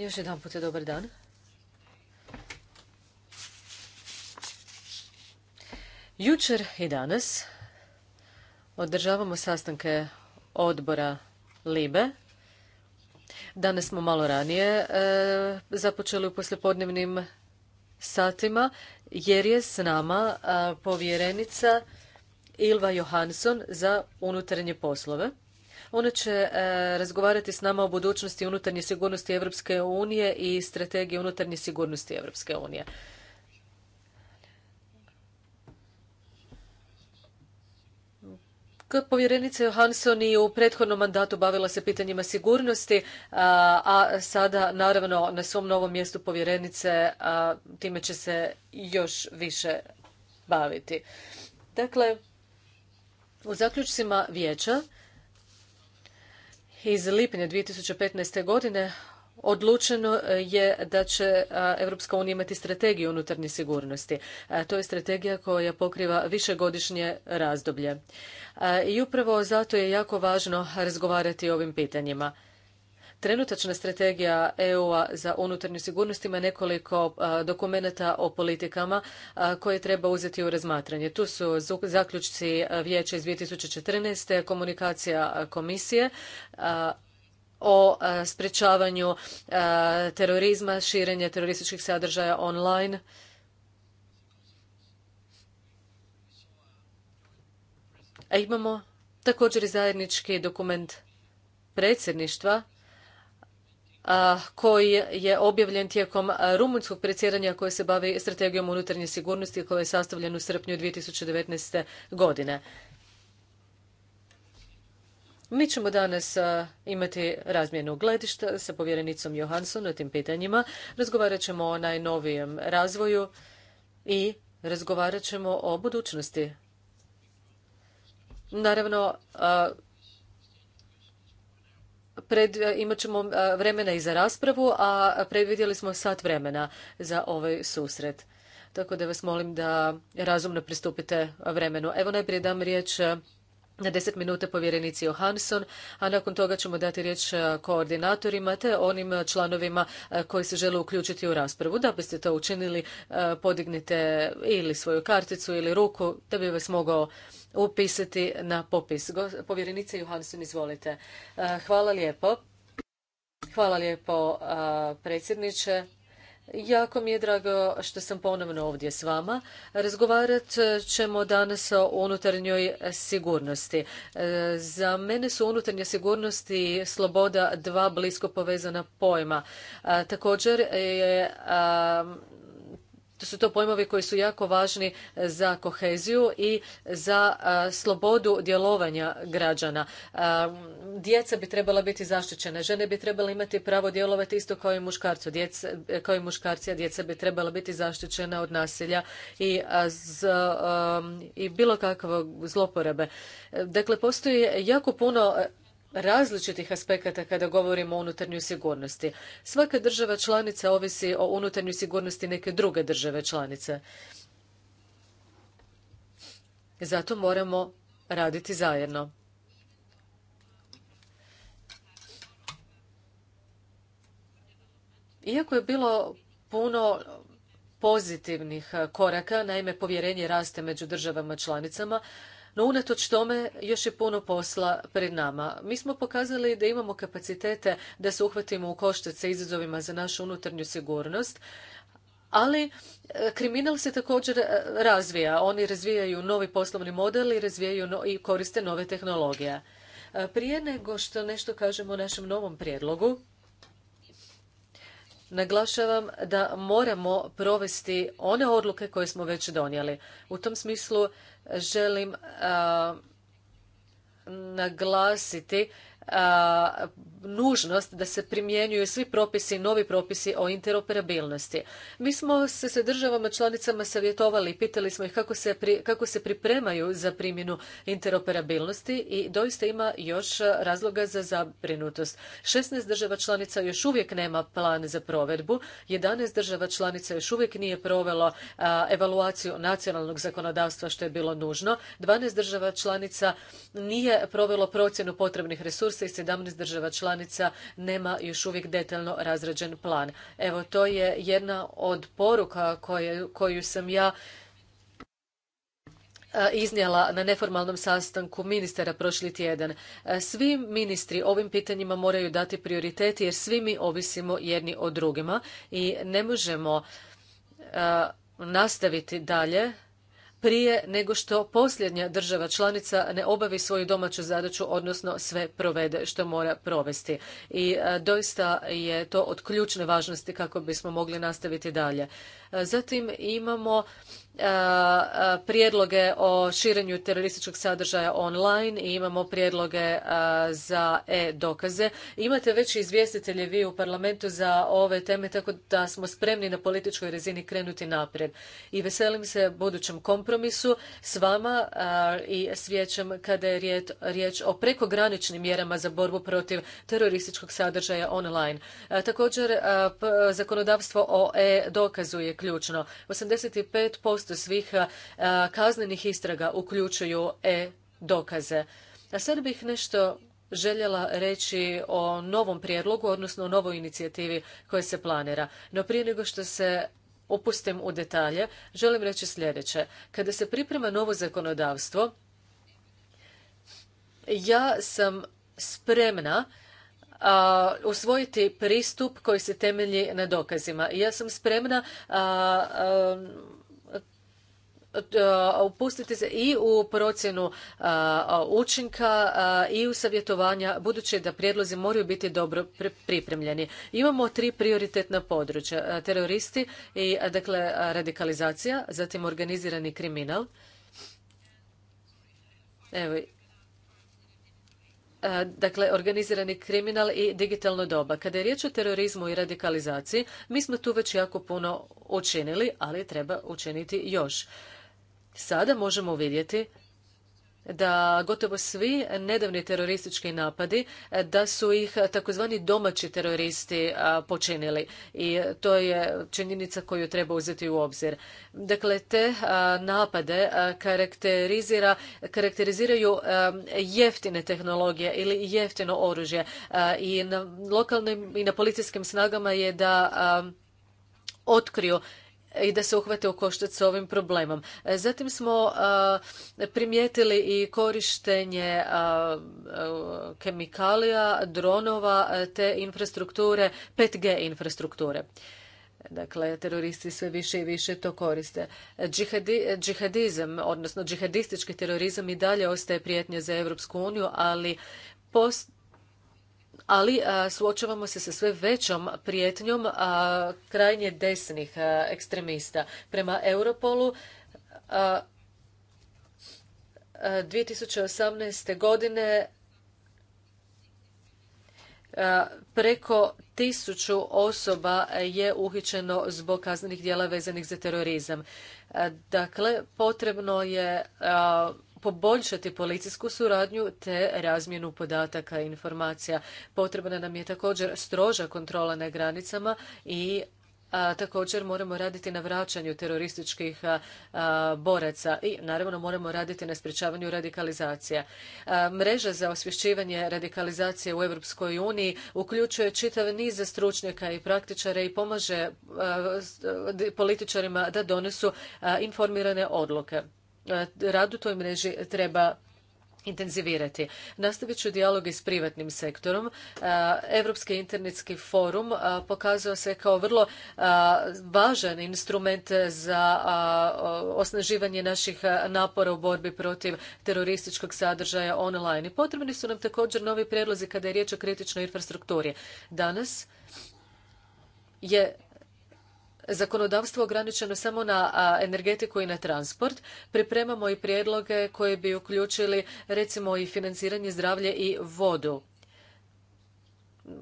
Još jedan put je dobar dan. Jučer i danas održavamo sastanke odbora LIBE. Danas smo malo ranije e, započeli u poslijepodnevnim satima jer je s nama e, povjerenica Ilva Johansson za unutarnje poslove. Ona će e, razgovarati s nama o budućnosti unutarnje sigurnosti Europske unije i strategiji unutarnje sigurnosti Europske unije. Povjerenica Johansson i u prethodnom mandatu bavila se pitanjima sigurnosti, a sada naravno na svom novom mjestu povjerenice time će se još više baviti. Dakle, u zaključcima vijeća iz lipnja 2015. godine odlučeno je da će Europska unija imati strategiju unutarnje sigurnosti. To je strategija koja pokriva višegodišnje razdoblje. I upravo zato je jako važno razgovarati o ovim pitanjima. Trenutačna strategija EU-a za unutarnju sigurnost ima nekoliko dokumenata o politikama koje treba uzeti u razmatranje. Tu su zaključci vijeća iz 2014. komunikacija komisije o sprečavanju terorizma, širenje terorističkih sadržaja online. A imamo također i zajednički dokument predsjedništva koji je objavljen tijekom rumunjskog predsjedanja koje se bavi strategijom unutarnje sigurnosti koja je sastavljen u srpnju 2019. godine. Mi ćemo danas imati razmjenu gledišta sa povjerenicom Johansson o tim pitanjima. Razgovarat ćemo o najnovijem razvoju i razgovarat ćemo o budućnosti. Naravno, pred, e, imat ćemo e, vremena i za raspravu, a predvidjeli smo sat vremena za ovaj susret. Tako da vas molim da razumno pristupite vremenu. Evo najprije dam riječ e, na 10 minuta povjerenici Johansson, a nakon toga ćemo dati riječ koordinatorima te onim članovima koji se žele uključiti u raspravu. Da biste to učinili, podignite ili svoju karticu ili ruku da bi vas mogao upisati na popis. Povjerenice Johansson, izvolite. E, hvala lijepo. Hvala lijepo, e, predsjedniče. Jako mi je drago što sam ponovno ovdje s vama. Razgovarat ćemo danas o unutarnjoj sigurnosti. E, za mene su unutarnja sigurnost i sloboda dva blisko povezana pojma. Također je to su to pojmovi koji su jako važni e, za koheziju i za e, slobodu djelovanja građana. E, djeca bi trebala biti zaštićena, žene bi trebale imati pravo djelovati isto kao i muškarcu, djeca, kao i muškarci, a djeca bi trebala biti zaštićena od nasilja i, i bilo kakvog zloporabe. Dakle, postoji jako puno različitih aspekata kada govorimo o unutarnjoj sigurnosti. Svaka država članica ovisi o unutarnjoj sigurnosti neke druge države članice. Zato moramo raditi zajedno. Iako je bilo puno pozitivnih koraka, naime povjerenje raste među državama članicama, no unatoč tome još je puno posla pred nama. Mi smo pokazali da imamo kapacitete da se uhvatimo u koštac sa izazovima za našu unutarnju sigurnost, ali e, kriminal se također e, razvija. Oni razvijaju novi poslovni model i razvijaju no, i koriste nove tehnologije. E, prije nego što nešto kažemo o našem novom prijedlogu, naglašavam da moramo provesti one odluke koje smo već donijeli. U tom smislu želim naglasiti nužnost da se primjenjuju svi propisi, novi propisi o interoperabilnosti. Mi smo se sa državama članicama savjetovali, pitali smo ih kako se, pripremaju za primjenu interoperabilnosti i doista ima još razloga za zabrinutost. 16 država članica još uvijek nema plan za provedbu, 11 država članica još uvijek nije provelo evaluaciju nacionalnog zakonodavstva što je bilo nužno, 12 država članica nije provelo procjenu potrebnih resursa i 17 država članica nema još uvijek detaljno razrađen plan. Evo, to je jedna od poruka koju sam ja iznijela na neformalnom sastanku ministara prošli tjedan. Svi ministri ovim pitanjima moraju dati prioritet jer svi mi ovisimo jedni o drugima i ne možemo nastaviti dalje prije nego što posljednja država članica ne obavi svoju domaću zadaću, odnosno sve provede što mora provesti. I e, doista je to od ključne važnosti kako bismo mogli nastaviti dalje. E, zatim imamo E, e, prijedloge o širenju terorističkog sadržaja online i imamo prijedloge e, za e-dokaze. Imate već izvjestitelje vi u parlamentu za ove teme, tako da smo spremni na političkoj razini krenuti naprijed. I veselim se budućem kompromisu s vama i s vijećem kada je riječ o prekograničnim mjerama za borbu protiv terorističkog sadržaja online. Također, zakonodavstvo o e-dokazu je ključno. 85% svih e, kaznenih istraga uključuju e-dokaze. A sad bih nešto željela reći o novom prijedlogu, odnosno o novoj inicijativi koja se planira. No prije nego što se opustim u detalje, želim reći sljedeće. Kada se priprema novo zakonodavstvo, ja sam spremna usvojiti pristup koji se temelji na dokazima. Ja sam spremna E, upustiti se i u procjenu e, učinka e, i u savjetovanja budući da prijedlozi moraju biti dobro pripremljeni. Imamo tri prioritetna područja teroristi i dakle radikalizacija, zatim organizirani kriminal. Evo dakle organizirani kriminal i digitalno doba. Kada je riječ o terorizmu i radikalizaciji, mi smo tu već jako puno učinili, ali treba učiniti još. Sada možemo vidjeti da gotovo svi nedavni teroristički napadi e, da su ih takozvani domaći teroristi e, počinili i to je činjenica koju treba uzeti u obzir. Dakle, te e, napade karakterizira, karakteriziraju jeftine tehnologije ili jeftino oružje i na lokalnim i na policijskim snagama je da otkriju i da se uhvate u koštac s ovim problemom. E, zatim smo primijetili i korištenje kemikalija, dronova te infrastrukture, 5G infrastrukture. Dakle, teroristi sve više i više to koriste. džihadizam, odnosno džihadistički terorizam i dalje ostaje prijetnja za Europsku uniju, ali post, ali suočavamo se sa sve većom prijetnjom krajnje desnih ekstremista. Prema Europolu 2018. godine preko tisuću osoba je uhićeno zbog kaznenih djela vezanih za terorizam. Dakle, potrebno je poboljšati policijsku suradnju te razmjenu podataka i informacija. Potrebna nam je također stroža kontrola na granicama i također moramo raditi na vraćanju terorističkih boraca i naravno moramo raditi na sprječavanju radikalizacija. mreža za osvješćivanje radikalizacije u Europskoj uniji uključuje čitav niz stručnjaka i praktičara i pomaže političarima da donesu informirane odluke. E, rad u toj mreži treba intenzivirati. Nastavit ću dijalog i s privatnim sektorom. E, Evropski internetski forum e, pokazao se kao vrlo važan instrument za osnaživanje naših napora u borbi protiv terorističkog sadržaja online. I potrebni su nam također novi prijedlozi kada je riječ o kritičnoj infrastrukturi. Danas je zakonodavstvo ograničeno samo na energetiku i na transport. Pripremamo i prijedloge koji bi uključili recimo i financiranje zdravlje i vodu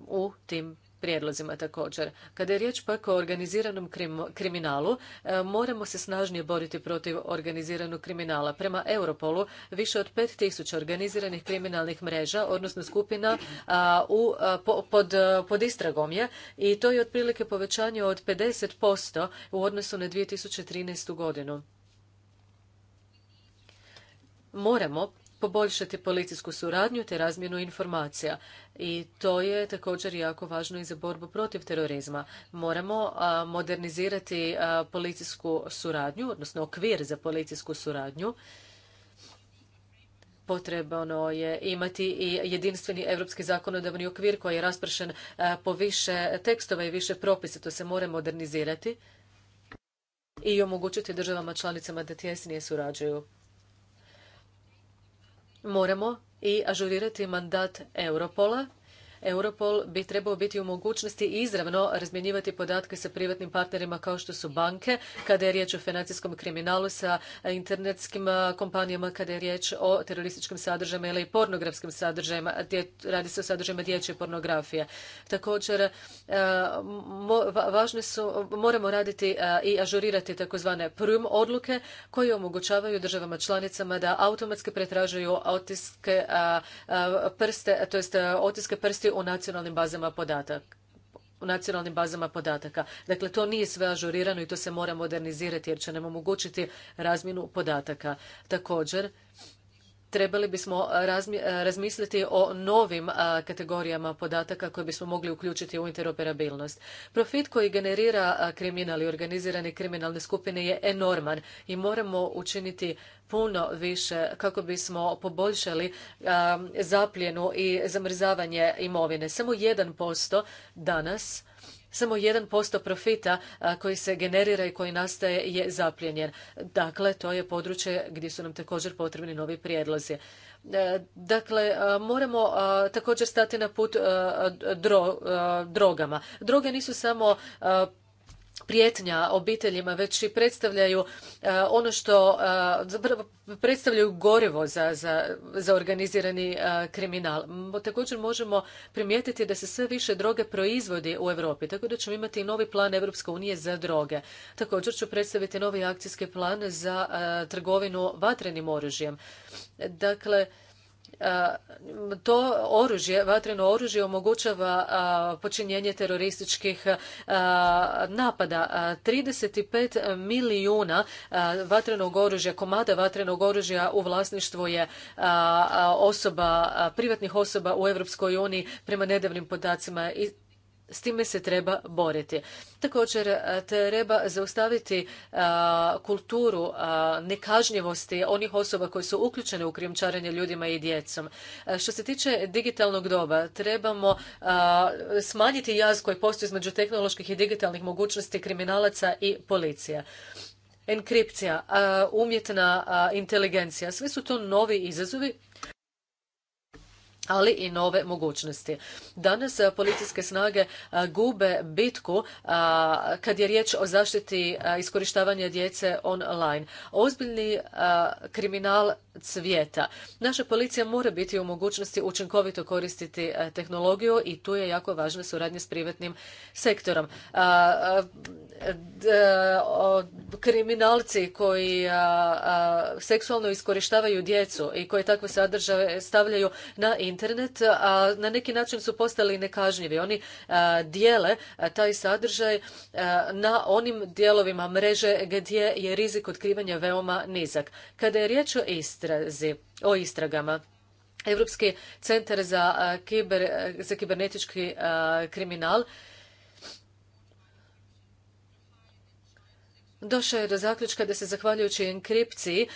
u tim prijedlozima također. Kada je riječ pak o organiziranom kriminalu, e, moramo se snažnije boriti protiv organiziranog kriminala. Prema Europolu više od 5000 organiziranih kriminalnih mreža, odnosno skupina pod, pod istragom je i to je otprilike povećanje od 50% u odnosu na 2013. godinu moramo poboljšati policijsku suradnju te razmjenu informacija i to je također jako važno i za borbu protiv terorizma. Moramo modernizirati policijsku suradnju, odnosno okvir za policijsku suradnju. Potrebno je imati i jedinstveni europski zakonodavni okvir koji je raspršen po više tekstova i više propisa. To se mora modernizirati i omogućiti državama članicama da tjesnije surađuju moramo i ažurirati mandat Europola Europol bi trebao biti u mogućnosti izravno razmjenjivati podatke sa privatnim partnerima kao što su banke, kada je riječ o financijskom kriminalu sa internetskim kompanijama, kada je riječ o terorističkim sadržajima ili pornografskim sadržajima, radi se o sadržajima dječje pornografije. Također, važne su, moramo raditi i ažurirati takozvane prum odluke koje omogućavaju državama članicama da automatski pretražuju otiske prste, to jest otiske prsti podaci u nacionalnim bazama podataka u nacionalnim bazama podataka. Dakle, to nije sve ažurirano i to se mora modernizirati jer će nam omogućiti razmjenu podataka. Također, trebali bismo e, e, razmisliti o novim e, kategorijama podataka koje bismo mogli uključiti u interoperabilnost. Profit koji generira kriminal i organizirane kriminalne skupine je enorman i moramo učiniti puno više kako bismo poboljšali zapljenu i zamrzavanje imovine. Samo 1% danas samo 1% profita koji se generira i koji nastaje je zapljenjen. Dakle, to je područje gdje su nam također potrebni novi prijedlozi. E, dakle, moramo također stati na put drogama. Droge nisu samo prijetnja obiteljima, već i predstavljaju e, ono što e, zapravo predstavljaju gorivo za, za, za organizirani e, kriminal. Također možemo primijetiti da se sve više droge proizvodi u Europi, tako da ćemo imati i novi plan Europske unije za droge. Također ću predstaviti novi akcijski plan za trgovinu vatrenim oružjem. Dakle, E, to oružje, vatreno oružje omogućava e, počinjenje terorističkih e, napada. 35 milijuna vatrenog oružja, komada vatrenog oružja u vlasništvu je osoba, privatnih osoba u Europskoj uniji prema nedavnim podacima i s time se treba boriti. Također e, treba zaustaviti e, kulturu e, nekažnjivosti onih osoba koje su uključene u krijumčarenje ljudima i djecom. što se tiče digitalnog doba, trebamo smanjiti jaz koji postoji između tehnoloških i digitalnih mogućnosti kriminalaca i policija. Enkripcija, umjetna inteligencija, sve su to novi izazovi ali i nove mogućnosti. Danas eh, policijske snage eh, gube bitku eh, kad je riječ o zaštiti iskorištavanja djece online. Ozbiljni kriminal cvijeta. Naša policija mora biti u mogućnosti učinkovito koristiti e, tehnologiju i tu je jako važna suradnja s privatnim sektorom. E, kriminalci koji seksualno iskorištavaju djecu i koji takve sadržaje stavljaju na internet, na neki način su postali nekažnjivi. Oni dijele taj sadržaj na onim dijelovima mreže gdje je rizik otkrivanja veoma nizak. Kada je riječ o Istri, istrazi, o istragama. Europski centar za, za kibernetički kriminal Došao je do zaključka da se zahvaljujući enkripciji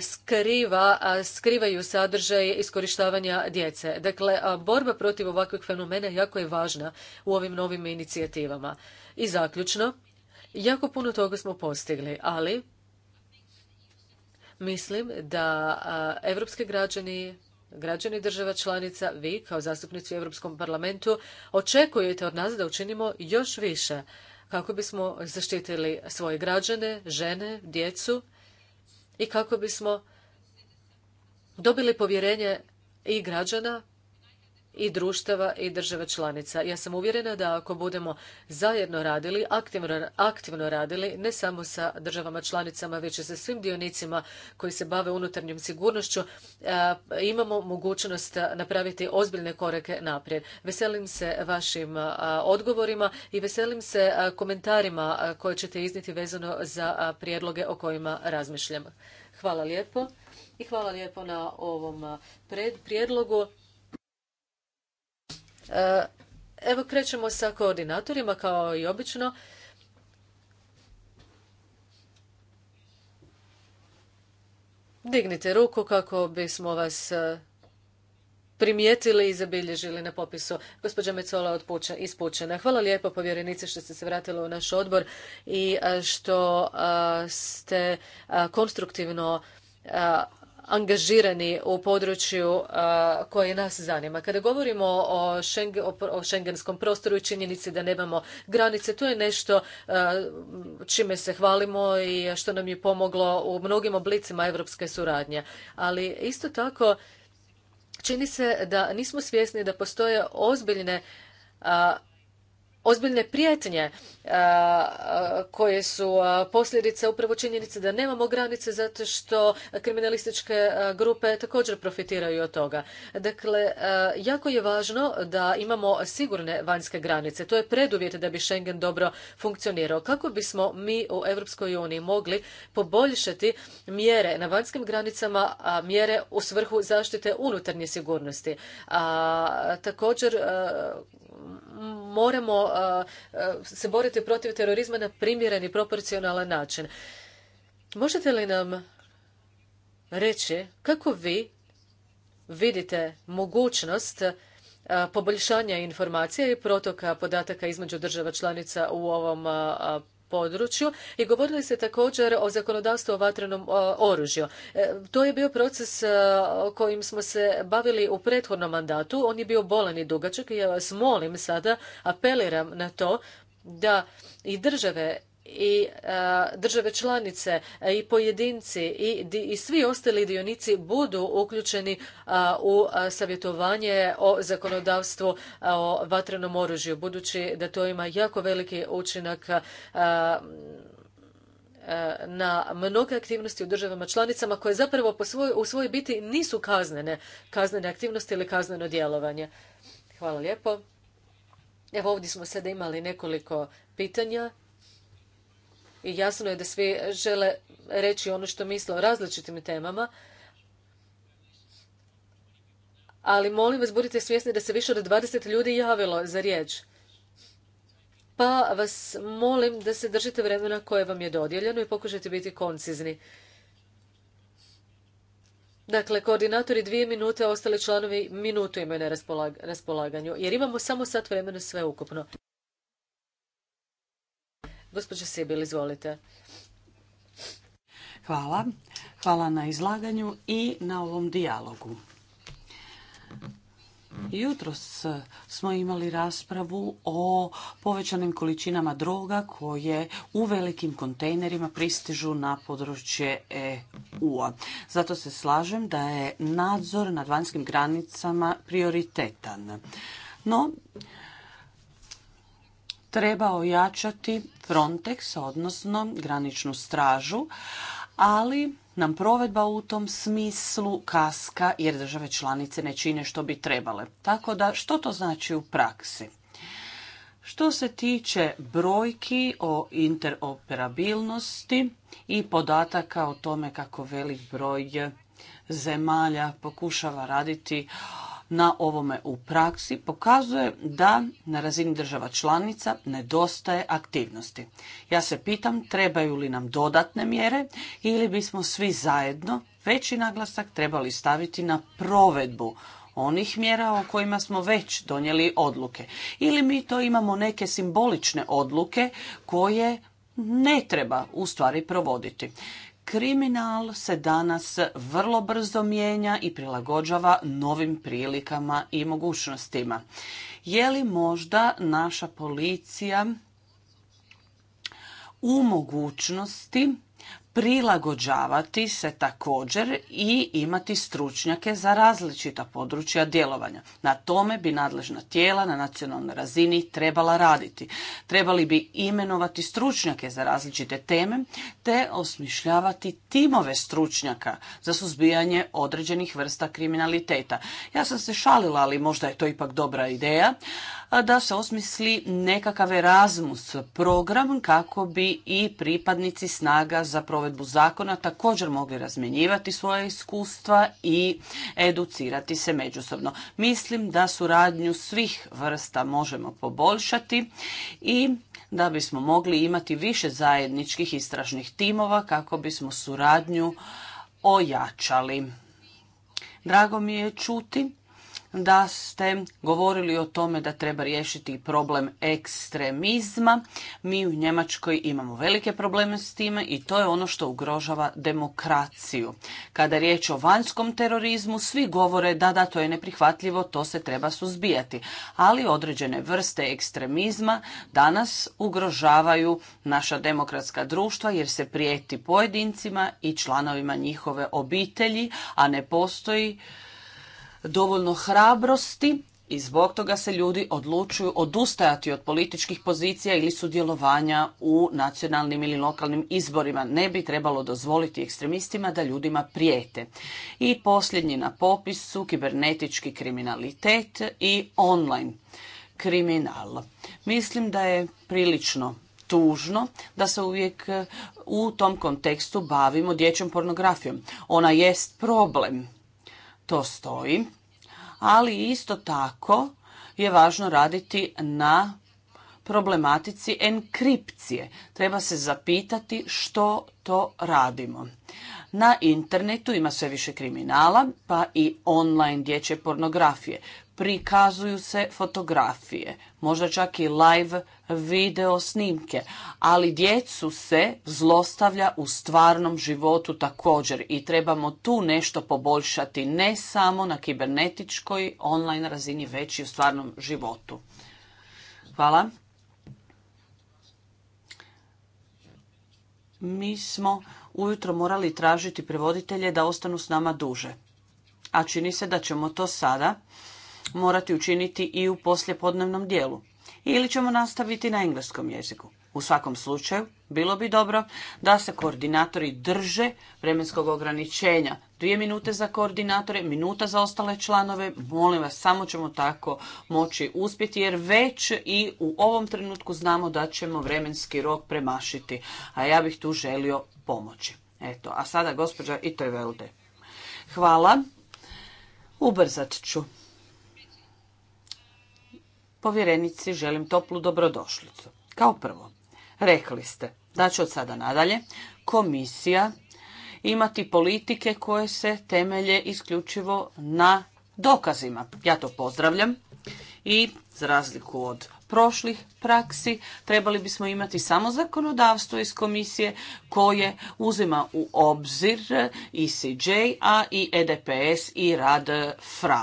skriva, skrivaju sadržaj iskorištavanja djece. Dakle, borba protiv ovakvih fenomena jako je važna u ovim novim inicijativama. I zaključno, jako puno toga smo postigli, ali Mislim da evropski građani, građani država članica, vi kao zastupnici u Europskom parlamentu očekujete od nas da učinimo još više kako bismo zaštitili svoje građane, žene, djecu i kako bismo dobili povjerenje i građana i društava i država članica. Ja sam uvjerena da ako budemo zajedno radili, aktivno, radili, ne samo sa državama članicama, već i sa svim dionicima koji se bave unutarnjom sigurnošću, imamo mogućnost napraviti ozbiljne korake naprijed. Veselim se vašim odgovorima i veselim se komentarima koje ćete izniti vezano za prijedloge o kojima razmišljam. Hvala lijepo i hvala lijepo na ovom prijedlogu. Evo krećemo sa koordinatorima kao i obično. Dignite ruku kako bismo vas e, primijetili i zabilježili na popisu. Gospođa Mecola od Puča, Hvala lijepo povjerenice što ste se vratili u naš odbor i e, što e, ste konstruktivno angažirani u području uh, koje nas zanima. Kada govorimo o, schengenskom prostoru i činjenici da nemamo granice, to je nešto uh, čime se hvalimo i što nam je pomoglo u mnogim oblicima europske suradnje. Ali isto tako čini se da nismo svjesni da postoje ozbiljne uh, ozbiljne prijetnje e, e, koje su e, posljedica upravo činjenice da nemamo granice zato što kriminalističke grupe također profitiraju od toga. Dakle, jako je važno da imamo sigurne vanjske granice. To je preduvjet da bi Schengen dobro funkcionirao. Kako bismo mi u Europskoj uniji mogli poboljšati mjere na vanjskim granicama, a mjere u svrhu zaštite unutarnje sigurnosti. A, također, moramo se boriti protiv terorizma na primjeren i proporcionalan način. Možete li nam reći kako vi vidite mogućnost poboljšanja informacija i protoka podataka između država članica u ovom području i govorili ste također o zakonodavstvu o vatrenom oružju. E, to je bio proces e, kojim smo se bavili u prethodnom mandatu. On je bio bolan i dugačak i ja vas molim sada, apeliram na to da i države i e, države članice e, i pojedinci i, svi ostali dionici budu uključeni e, u savjetovanje o zakonodavstvu o vatrenom oružju budući da to ima jako veliki učinak na mnoge aktivnosti u državama članicama koje zapravo po svoj, u svojoj biti nisu kaznene, kaznene aktivnosti ili kazneno djelovanje. Hvala lijepo. Evo ovdje smo sada imali nekoliko pitanja i jasno je da svi žele reći ono što misle o različitim temama. Ali molim vas, budite svjesni da se više od 20 ljudi javilo za riječ. Pa vas molim da se držite vremena koje vam je dodijeljeno i pokušajte biti koncizni. Dakle, koordinatori dvije minute, ostali članovi minutu imaju na raspolaganju, jer imamo samo sat vremena sve ukupno. Gospođa Sibil, izvolite. Hvala. Hvala na izlaganju i na ovom dijalogu. Jutros smo imali raspravu o povećanim količinama droga koje u velikim kontejnerima pristižu na područje EU-a. Zato se slažem da je nadzor nad vanjskim granicama prioritetan. No, treba ojačati Frontex, odnosno graničnu stražu, ali nam provedba u tom smislu kaska jer države članice ne čine što bi trebale. Tako da što to znači u praksi? Što se tiče brojki o interoperabilnosti i podataka o tome kako velik broj zemalja pokušava raditi na ovome u praksi pokazuje da na razini država članica nedostaje aktivnosti. Ja se pitam trebaju li nam dodatne mjere ili bismo svi zajedno veći naglasak trebali staviti na provedbu onih mjera o kojima smo već donijeli odluke. Ili mi to imamo neke simbolične odluke koje ne treba u stvari provoditi. Kriminal se danas vrlo brzo mijenja i prilagođava novim prilikama i mogućnostima. Je li možda naša policija u mogućnosti prilagođavati se također i imati stručnjake za različita područja djelovanja. Na tome bi nadležna tijela na nacionalnoj razini trebala raditi. Trebali bi imenovati stručnjake za različite teme te osmišljavati timove stručnjaka za suzbijanje određenih vrsta kriminaliteta. Ja sam se šalila, ali možda je to ipak dobra ideja da se osmisli nekakav Erasmus program kako bi i pripadnici snaga za provedbu zakona također mogli razmjenjivati svoje iskustva i educirati se međusobno. Mislim da suradnju svih vrsta možemo poboljšati i da bismo mogli imati više zajedničkih istražnih timova kako bismo suradnju ojačali. Drago mi je čuti da ste govorili o tome da treba riješiti problem ekstremizma. Mi u Njemačkoj imamo velike probleme s time i to je ono što ugrožava demokraciju. Kada je riječ o vanjskom terorizmu, svi govore da da to je neprihvatljivo, to se treba suzbijati. Ali određene vrste ekstremizma danas ugrožavaju naša demokratska društva jer se prijeti pojedincima i članovima njihove obitelji, a ne postoji dovoljno hrabrosti i zbog toga se ljudi odlučuju odustajati od političkih pozicija ili sudjelovanja u nacionalnim ili lokalnim izborima. Ne bi trebalo dozvoliti ekstremistima da ljudima prijete. I posljednji na popisu kibernetički kriminalitet i online kriminal. Mislim da je prilično tužno da se uvijek uh, u tom kontekstu bavimo dječjom pornografijom. Ona jest problem to stoji, ali isto tako je važno raditi na problematici enkripcije. Treba se zapitati što to radimo. Na internetu ima sve više kriminala, pa i online dječje pornografije prikazuju se fotografije, možda čak i live video snimke, ali djecu se zlostavlja u stvarnom životu također i trebamo tu nešto poboljšati, ne samo na kibernetičkoj online razini, već i u stvarnom životu. Hvala. Mi smo ujutro morali tražiti prevoditelje da ostanu s nama duže. A čini se da ćemo to sada morati učiniti i u poslijepodnevnom dijelu. Ili ćemo nastaviti na engleskom jeziku. U svakom slučaju, bilo bi dobro da se koordinatori drže vremenskog ograničenja. Dvije minute za koordinatore, minuta za ostale članove. Molim vas, samo ćemo tako moći uspjeti jer već i u ovom trenutku znamo da ćemo vremenski rok premašiti. A ja bih tu želio pomoći. Eto, a sada gospođa velde. Hvala. Ubrzat ću povjerenici želim toplu dobrodošlicu. Kao prvo, rekli ste da će od sada nadalje komisija imati politike koje se temelje isključivo na dokazima. Ja to pozdravljam i za razliku od prošlih praksi trebali bismo imati samo zakonodavstvo iz komisije koje uzima u obzir ICJ, e a i EDPS i rad FRA,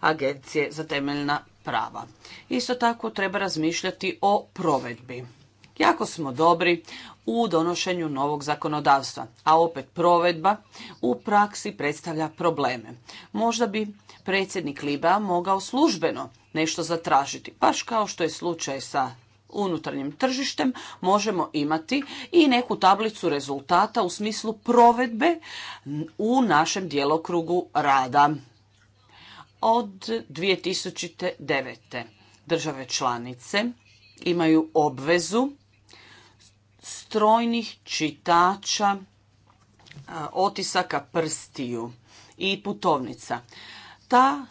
Agencije za temeljna prava. Isto tako treba razmišljati o provedbi. Jako smo dobri u donošenju novog zakonodavstva, a opet provedba u praksi predstavlja probleme. Možda bi predsjednik Liba mogao službeno nešto zatražiti, baš kao što je slučaj sa unutarnjim tržištem možemo imati i neku tablicu rezultata u smislu provedbe u našem djelokrugu rada. Od 2009. države članice imaju obvezu strojnih čitača e, otisaka prstiju i putovnica. Ta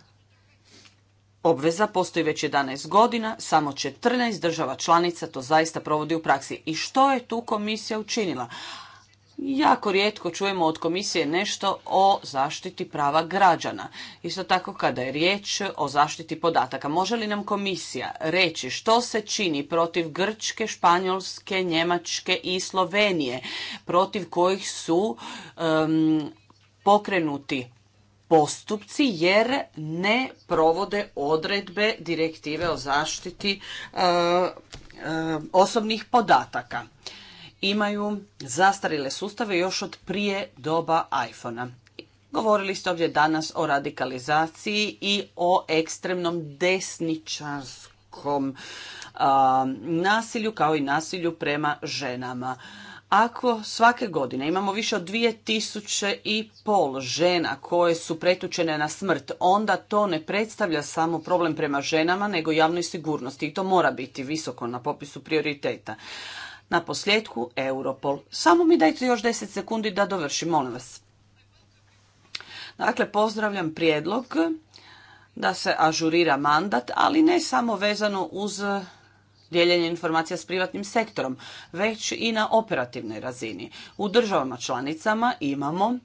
obveza postoji već 11 godina, samo 14 država članica to zaista provodi u praksi. I što je tu komisija učinila? jako rijetko čujemo od komisije nešto o zaštiti prava građana. Isto tako kada je riječ o zaštiti podataka. Može li nam komisija reći što se čini protiv Grčke, Španjolske, Njemačke i Slovenije protiv kojih su pokrenuti postupci jer ne provode odredbe direktive o zaštiti eh, eh, osobnih podataka imaju zastarile sustave još od prije doba iPhona. Govorili ste ovdje danas o radikalizaciji i o ekstremnom desničarskom nasilju kao i nasilju prema ženama. Ako svake godine imamo više od 2000 i pol žena koje su pretučene na smrt, onda to ne predstavlja samo problem prema ženama, nego javnoj sigurnosti i to mora biti visoko na popisu prioriteta. Na posljedku Europol. Samo mi dajte još 10 sekundi da dovršim, molim vas. Dakle, pozdravljam prijedlog da se ažurira mandat, ali ne samo vezano uz dijeljenje informacija s privatnim sektorom, već i na operativnoj razini. U državama članicama imamo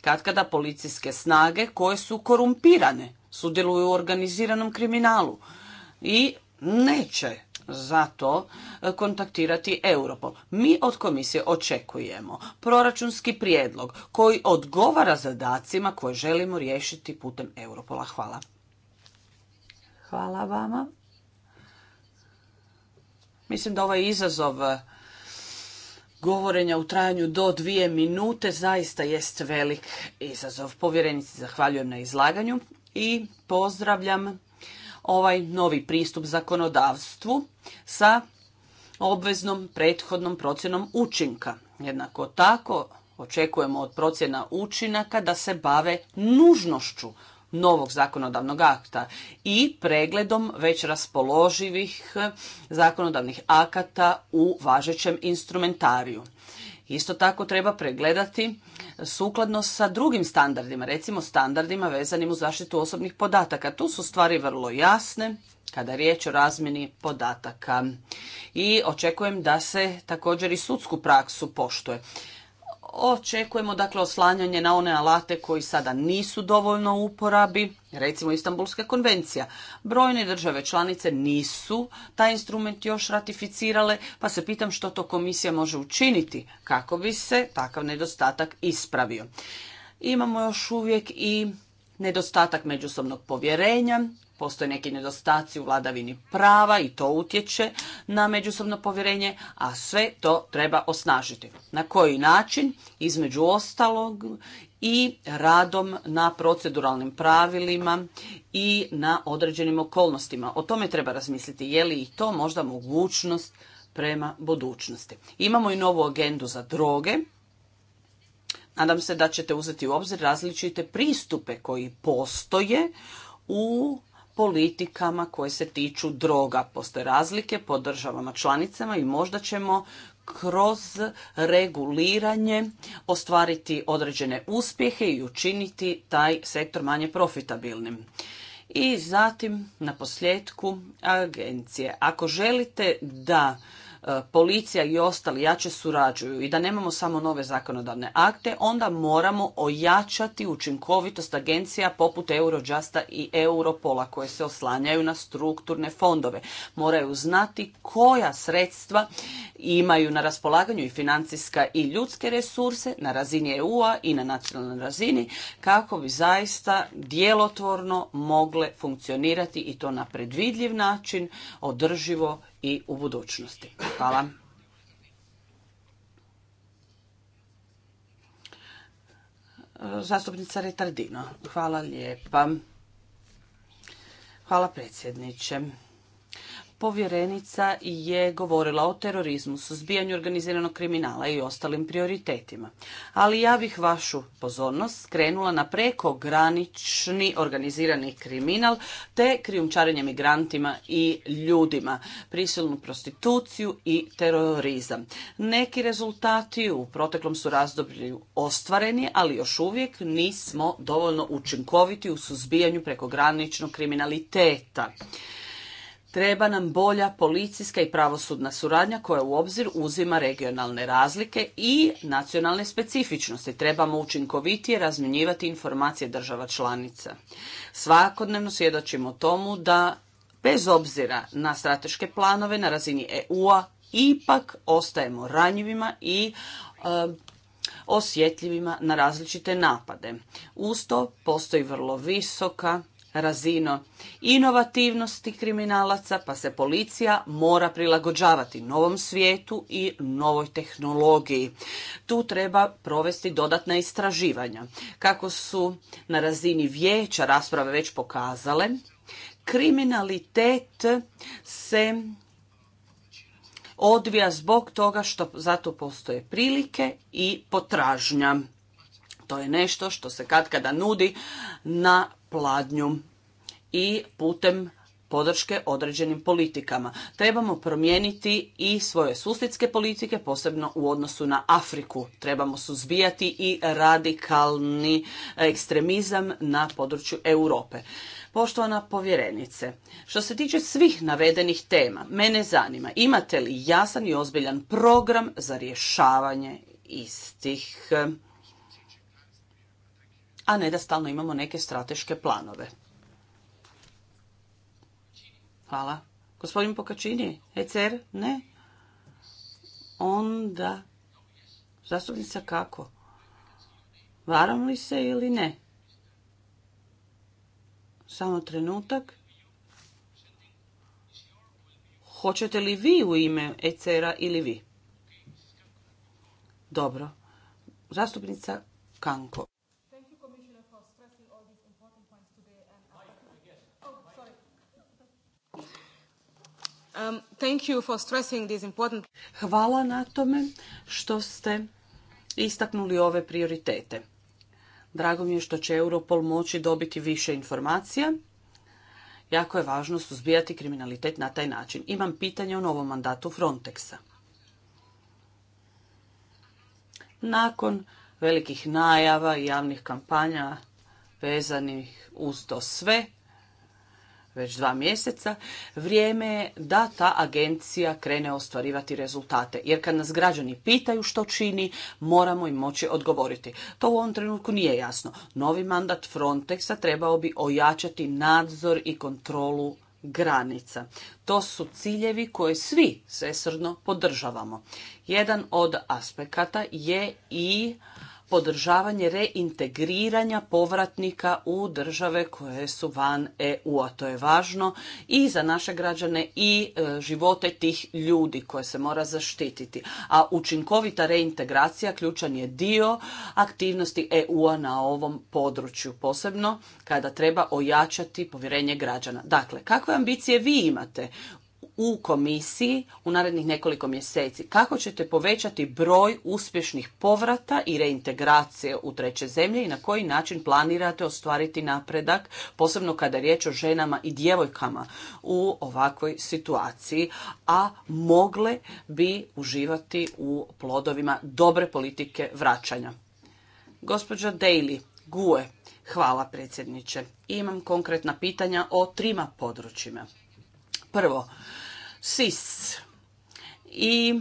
katkada policijske snage koje su korumpirane, sudjeluju u organiziranom kriminalu i neće zato e, kontaktirati Europol. Mi od komisije očekujemo proračunski prijedlog koji odgovara zadacima koje želimo riješiti putem Europola. Hvala. Hvala vama. Mislim da ovaj izazov e, govorenja u trajanju do dvije minute zaista jest velik izazov. Povjerenici zahvaljujem na izlaganju i pozdravljam ovaj novi pristup zakonodavstvu sa obveznom prethodnom procjenom učinka. Jednako tako očekujemo od procjena učinaka da se bave nužnošću novog zakonodavnog akta i pregledom već raspoloživih zakonodavnih akata u važećem instrumentariju. Isto tako treba pregledati sukladno sa drugim standardima, recimo standardima vezanim u zaštitu osobnih podataka. Tu su stvari vrlo jasne kada je riječ o razmjeni podataka. I očekujem da se također i sudsku praksu poštuje očekujemo dakle oslanjanje na one alate koji sada nisu dovoljno u uporabi, recimo Istanbulska konvencija. Brojne države članice nisu taj instrument još ratificirale, pa se pitam što to komisija može učiniti kako bi se takav nedostatak ispravio. Imamo još uvijek i nedostatak međusobnog povjerenja postoje neki nedostaci u vladavini prava i to utječe na međusobno povjerenje, a sve to treba osnažiti. Na koji način? Između ostalog i radom na proceduralnim pravilima i na određenim okolnostima. O tome treba razmisliti je li i to možda mogućnost prema budućnosti. Imamo i novu agendu za droge. Nadam se da ćete uzeti u obzir različite pristupe koji postoje u politikama koje se tiču droga. Postoje razlike po državama članicama i možda ćemo kroz reguliranje ostvariti određene uspjehe i učiniti taj sektor manje profitabilnim. I zatim na posljedku agencije. Ako želite da E, policija i ostali jače surađuju i da nemamo samo nove zakonodavne akte, onda moramo ojačati učinkovitost agencija poput Eurojusta i Europola koje se oslanjaju na strukturne fondove. Moraju znati koja sredstva imaju na raspolaganju i financijska i ljudske resurse na razini EU-a i na nacionalnoj razini kako bi zaista djelotvorno mogle funkcionirati i to na predvidljiv način, održivo i u budućnosti. Hvala. Zastupnica Retardino, hvala lijepa. Hvala predsjedniče povjerenica je govorila o terorizmu, suzbijanju organiziranog kriminala i ostalim prioritetima. Ali ja bih vašu pozornost skrenula na prekogranični organizirani kriminal te krijumčarenje migrantima i ljudima, prisilnu prostituciju i terorizam. Neki rezultati u proteklom su razdoblju ostvareni, ali još uvijek nismo dovoljno učinkoviti u suzbijanju prekograničnog kriminaliteta. Treba nam bolja policijska i pravosudna suradnja koja u obzir uzima regionalne razlike i nacionalne specifičnosti. Trebamo učinkovitije razmjenjivati informacije država članica. Svakodnevno svjedočimo tomu da bez obzira na strateške planove na razini EU-a ipak ostajemo ranjivima i osjetljivima na različite napade. Usto postoji vrlo visoka razino inovativnosti kriminalaca, pa se policija mora prilagođavati novom svijetu i novoj tehnologiji. Tu treba provesti dodatna istraživanja. Kako su na razini vijeća rasprave već pokazale, kriminalitet se odvija zbog toga što zato postoje prilike i potražnja. To je nešto što se katkada nudi na pladnju i putem podrške određenim politikama. Trebamo promijeniti i svoje susjedske politike, posebno u odnosu na Afriku. Trebamo suzbijati i radikalni ekstremizam na području Europe. Poštovana povjerenice, što se tiče svih navedenih tema, mene zanima imate li jasan i ozbiljan program za rješavanje istih a ne da stalno imamo neke strateške planove. Hvala. Gospodin Pokačini, ECR, ne? Onda, zastupnica kako? Varam li se ili ne? Samo trenutak. Hoćete li vi u ime ECR-a ili vi? Dobro. Zastupnica Kanko. Um, Hvala na tome što ste istaknuli ove prioritete. Drago mi je što će Europol moći dobiti više informacija. Jako je važno suzbijati kriminalitet na taj način. Imam pitanje o novom mandatu Frontexa. Nakon velikih najava i javnih kampanja vezanih uz to sve, već dva mjeseca, vrijeme je da ta agencija krene ostvarivati rezultate. Jer kad nas građani pitaju što čini, moramo im moći odgovoriti. To u ovom trenutku nije jasno. Novi mandat Frontexa trebao bi ojačati nadzor i kontrolu granica. To su ciljevi koje svi svesrdno podržavamo. Jedan od aspekata je i podržavanje reintegriranja povratnika u države koje su van EU-a. To je važno i za naše građane i e, živote tih ljudi koje se mora zaštititi. A učinkovita reintegracija ključan je dio aktivnosti EU-a na ovom području, posebno kada treba ojačati povjerenje građana. Dakle, kakve ambicije vi imate u komisiji u narednih nekoliko mjeseci? Kako ćete povećati broj uspješnih povrata i reintegracije u treće zemlje i na koji način planirate ostvariti napredak, posebno kada je riječ o ženama i djevojkama u ovakvoj situaciji, a mogle bi uživati u plodovima dobre politike vraćanja? Gospođa Daly, GUE, hvala predsjedniče. Imam konkretna pitanja o trima područjima. Prvo, SIS i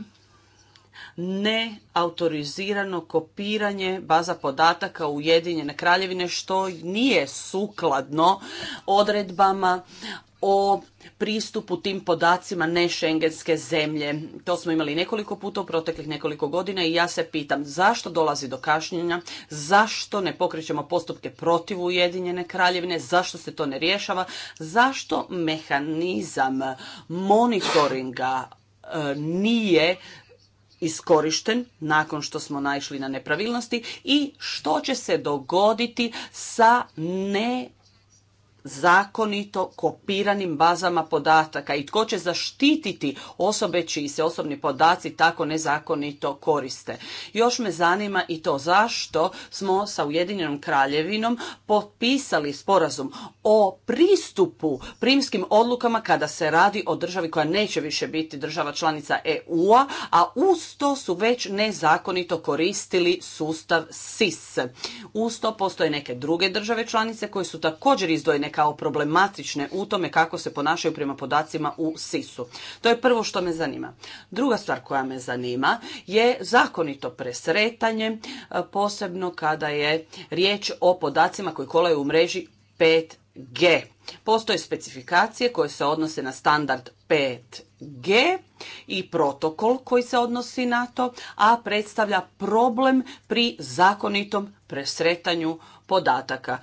neautorizirano kopiranje baza podataka Ujedinjene kraljevine što nije sukladno odredbama o pristupu tim podacima nešengenske zemlje. To smo imali nekoliko puta u proteklih nekoliko godina i ja se pitam zašto dolazi do kašnjenja, zašto ne pokrećemo postupke protiv Ujedinjene kraljevine, zašto se to ne rješava, zašto mehanizam monitoringa e, nije iskorišten nakon što smo naišli na nepravilnosti i što će se dogoditi sa ne zakonito kopiranim bazama podataka i tko će zaštititi osobe čiji se osobni podaci tako nezakonito koriste. Još me zanima i to zašto smo sa Ujedinjenom kraljevinom potpisali sporazum o pristupu primskim odlukama kada se radi o državi koja neće više biti država članica EU-a, a uz to su već nezakonito koristili sustav SIS. Uz to postoje neke druge države članice koje su također izdvojene kao problematične u tome kako se ponašaju prema podacima u SIS-u. To je prvo što me zanima. Druga stvar koja me zanima je zakonito presretanje, e, posebno kada je riječ o podacima koji kolaju u mreži 5G. Postoje specifikacije koje se odnose na standard 5G i protokol koji se odnosi na to, a predstavlja problem pri zakonitom presretanju podataka.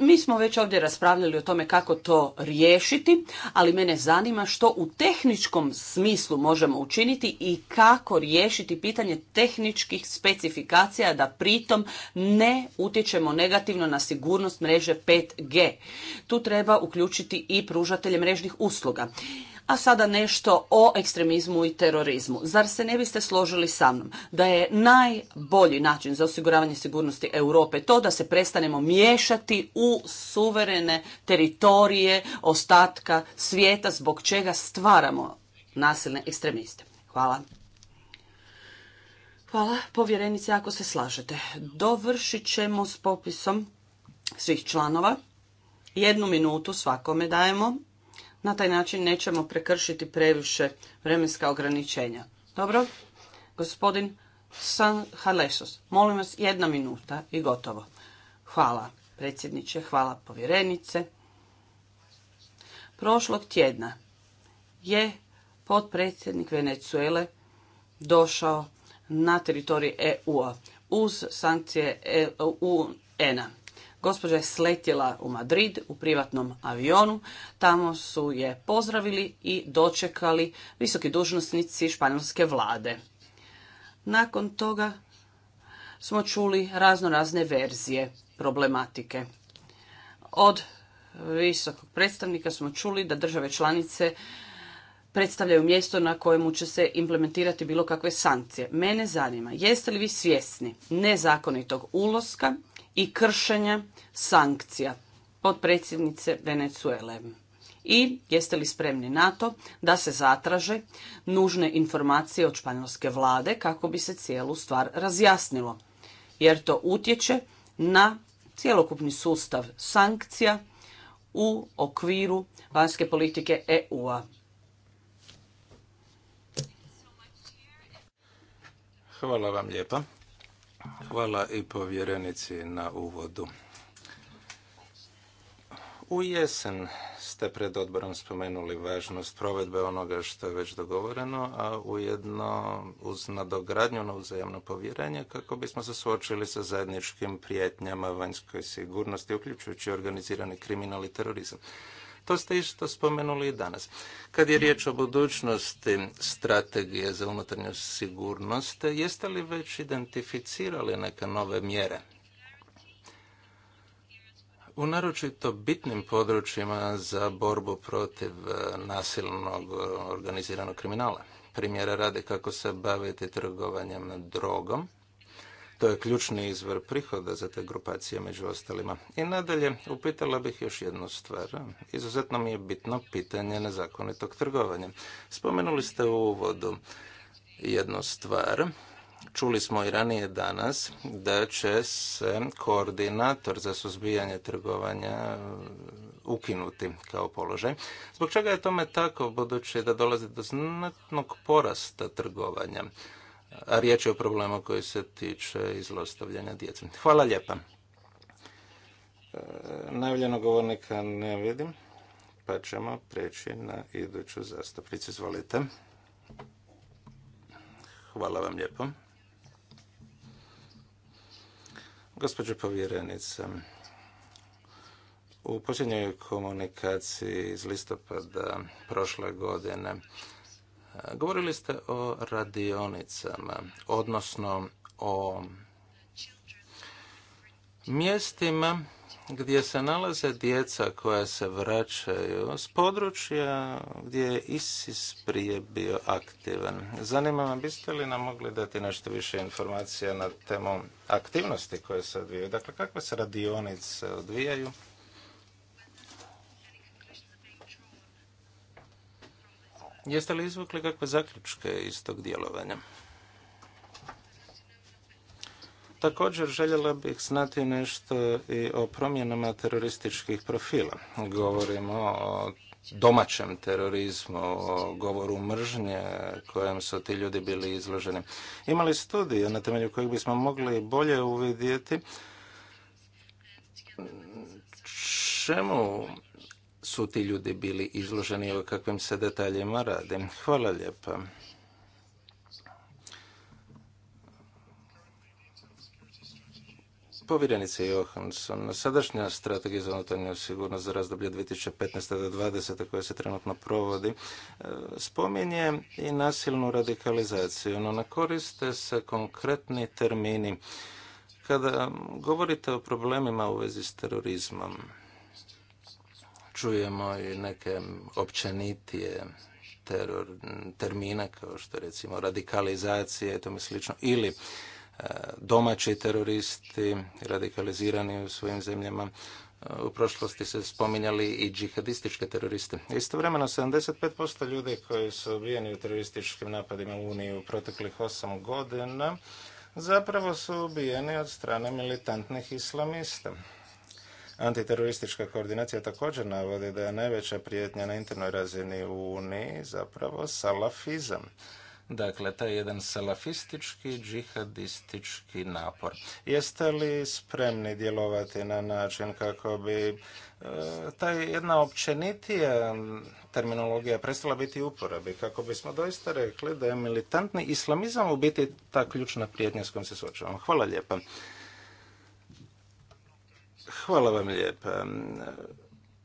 Mi smo već ovdje raspravljali o tome kako to riješiti, ali mene zanima što u tehničkom smislu možemo učiniti i kako riješiti pitanje tehničkih specifikacija da pritom ne utječemo negativno na sigurnost mreže 5G. Tu treba uključiti i pružatelje mrežnih usluga. A sada nešto o ekstremizmu i terorizmu. Zar se ne biste složili sa mnom da je najbolji način za osiguravanje sigurnosti Europe to da se prestanemo miješati u suverene teritorije ostatka svijeta zbog čega stvaramo nasilne ekstremiste? Hvala. Hvala, povjerenice, ako se slažete. Dovršit ćemo s popisom svih članova. Jednu minutu svakome dajemo na taj način nećemo prekršiti previše vremenska ograničenja. Dobro? Gospodin San Halesos, molim vas jedna minuta i gotovo. Hvala predsjedniče, hvala povjerenice. Prošlog tjedna je potpredsjednik Venezuele došao na teritorij EU-a uz sankcije e UN-a. Gospođa je sletjela u Madrid u privatnom avionu. Tamo su je pozdravili i dočekali visoki dužnosnici španjolske vlade. Nakon toga smo čuli razno razne verzije problematike. Od visokog predstavnika smo čuli da države članice predstavljaju mjesto na kojemu će se implementirati bilo kakve sankcije. Mene zanima, jeste li vi svjesni nezakonitog uloska i kršenja sankcija potpredsjednice Venezuele? I jeste li spremni na to da se zatraže nužne informacije od španjolske vlade kako bi se cijelu stvar razjasnilo? Jer to utječe na cjelokupni sustav sankcija u okviru vanjske politike EU-a. Hvala vam lijepa. Hvala i povjerenici na uvodu. U jesen ste pred odborom spomenuli važnost provedbe onoga što je već dogovoreno, a ujedno uz nadogradnju na uzajemno povjerenje kako bismo se suočili sa zajedničkim prijetnjama vanjskoj sigurnosti, uključujući organizirani kriminal i terorizam. To ste isto spomenuli i danas. Kad je riječ o budućnosti strategije za unutarnju sigurnost, jeste li već identificirali neke nove mjere? U naročito bitnim područjima za borbu protiv e, nasilnog e, organiziranog kriminala. Primjera radi kako se baviti trgovanjem drogom, to je ključni izvor prihoda za te grupacije među ostalima. I nadalje, upitala bih još jednu stvar. Izuzetno mi je bitno pitanje nezakonitog trgovanja. Spomenuli ste u uvodu jednu stvar. Čuli smo i ranije danas da će se koordinator za suzbijanje trgovanja uh, ukinuti kao položaj. Zbog čega je tome tako, budući da dolazi do znatnog porasta trgovanja? a riječ je o problemu koji se tiče izlostavljanja djece. Hvala lijepa. E, najavljenog govornika ne vidim, pa ćemo preći na iduću zastupnicu. Izvolite. Hvala vam lijepo. Gospođo povjerenica, u posljednjoj komunikaciji iz listopada prošle godine Govorili ste o radionicama, odnosno o mjestima gdje se nalaze djeca koja se vraćaju s područja gdje je ISIS prije bio aktivan. Zanima me, biste li nam mogli dati nešto više informacija na temu aktivnosti koje se odvijaju? Dakle, kakve se radionice odvijaju Jeste li izvukli kakve zaključke iz tog djelovanja? Također željela bih znati nešto i o promjenama terorističkih profila. Govorimo o domaćem terorizmu, o govoru mržnje kojem su ti ljudi bili izloženi. Imali studije na temelju kojih bismo mogli bolje uvidjeti čemu su ti ljudi bili izloženi o kakvim se detaljima radi. Hvala lijepa. Povjerenice Johansson, sadašnja strategija za unutarnju sigurnost za razdoblje 2015. do 2020. koja se trenutno provodi, e, spominje i nasilnu radikalizaciju, no ne koriste se konkretni termini. Kada govorite o problemima u vezi s terorizmom, čujemo i neke općenitije teror, termine kao što recimo radikalizacije i tome slično ili e, domaći teroristi radikalizirani u svojim zemljama. E, u prošlosti se spominjali i džihadističke teroriste. Istovremeno 75% ljudi koji su ubijeni u terorističkim napadima u Uniji u proteklih 8 godina zapravo su ubijeni od strane militantnih islamista. Antiteroristička koordinacija također navodi da je najveća prijetnja na internoj razini u Uniji zapravo salafizam. Dakle, taj jedan salafistički, džihadistički napor. Jeste li spremni djelovati na način kako bi e, taj jedna općenitija terminologija prestala biti uporabi, kako bismo doista rekli da je militantni islamizam u biti ta ključna prijetnja s kojom se suočavamo. Hvala lijepa. Hvala vam lijepa.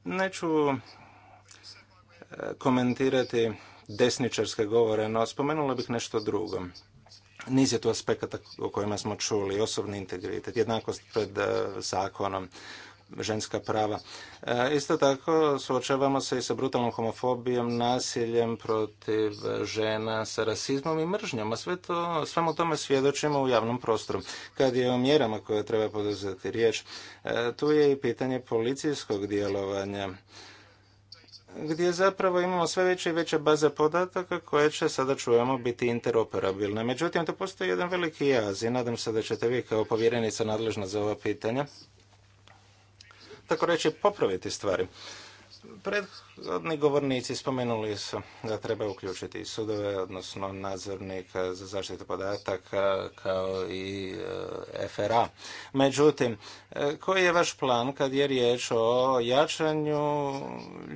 Neću e, komentirati desničarske govore, no spomenula bih nešto drugo. Niz je tu aspekata o kojima smo čuli, osobni integritet, jednakost pred e, zakonom, ženska prava. E, isto tako suočavamo se i sa brutalnom homofobijom, nasiljem protiv žena, sa rasizmom i mržnjom, a sve to, svemu tome svjedočimo u javnom prostoru. Kad je o mjerama koje treba poduzeti riječ, e, tu je i pitanje policijskog djelovanja gdje zapravo imamo sve veće i veće baze podataka koje će sada čujemo biti interoperabilne. Međutim, to postoji jedan veliki jaz i nadam se da ćete vi kao povjerenica nadležna za ova pitanja tako reći popraviti stvari. Predhodni govornici spomenuli su da treba uključiti i sudove, odnosno nadzornika za zaštitu podataka kao i e, FRA. Međutim, e, koji je vaš plan kad je riječ o jačanju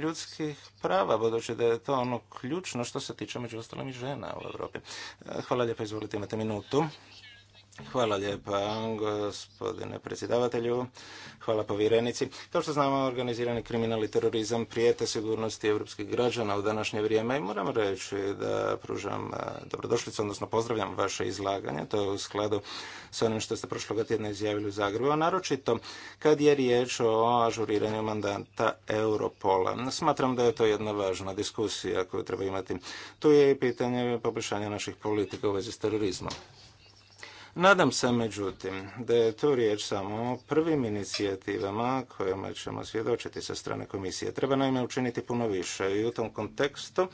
ljudskih prava, budući da je to ono ključno što se tiče među ostalim i žena u Europi? E, hvala lijepo, izvolite, imate minutu. Hvala lijepa gospodine predsjedavatelju, hvala povjerenici. Kao što znamo, organizirani kriminal i terorizam prijete sigurnosti europskih građana u današnje vrijeme i moram reći da pružam e, dobrodošlicu, odnosno pozdravljam vaše izlaganje, to je u skladu s onim što ste prošloga tjedna izjavili u Zagrebu, a naročito kad je riječ o ažuriranju mandata Europola. Smatram da je to jedna važna diskusija koju treba imati. Tu je i pitanje poboljšanja naših politika u vezi s terorizmom. Nadam se međutim da je tu riječ samo o prvim inicijativama kojima ćemo svjedočiti sa strane komisije. Treba naime učiniti puno više i u tom kontekstu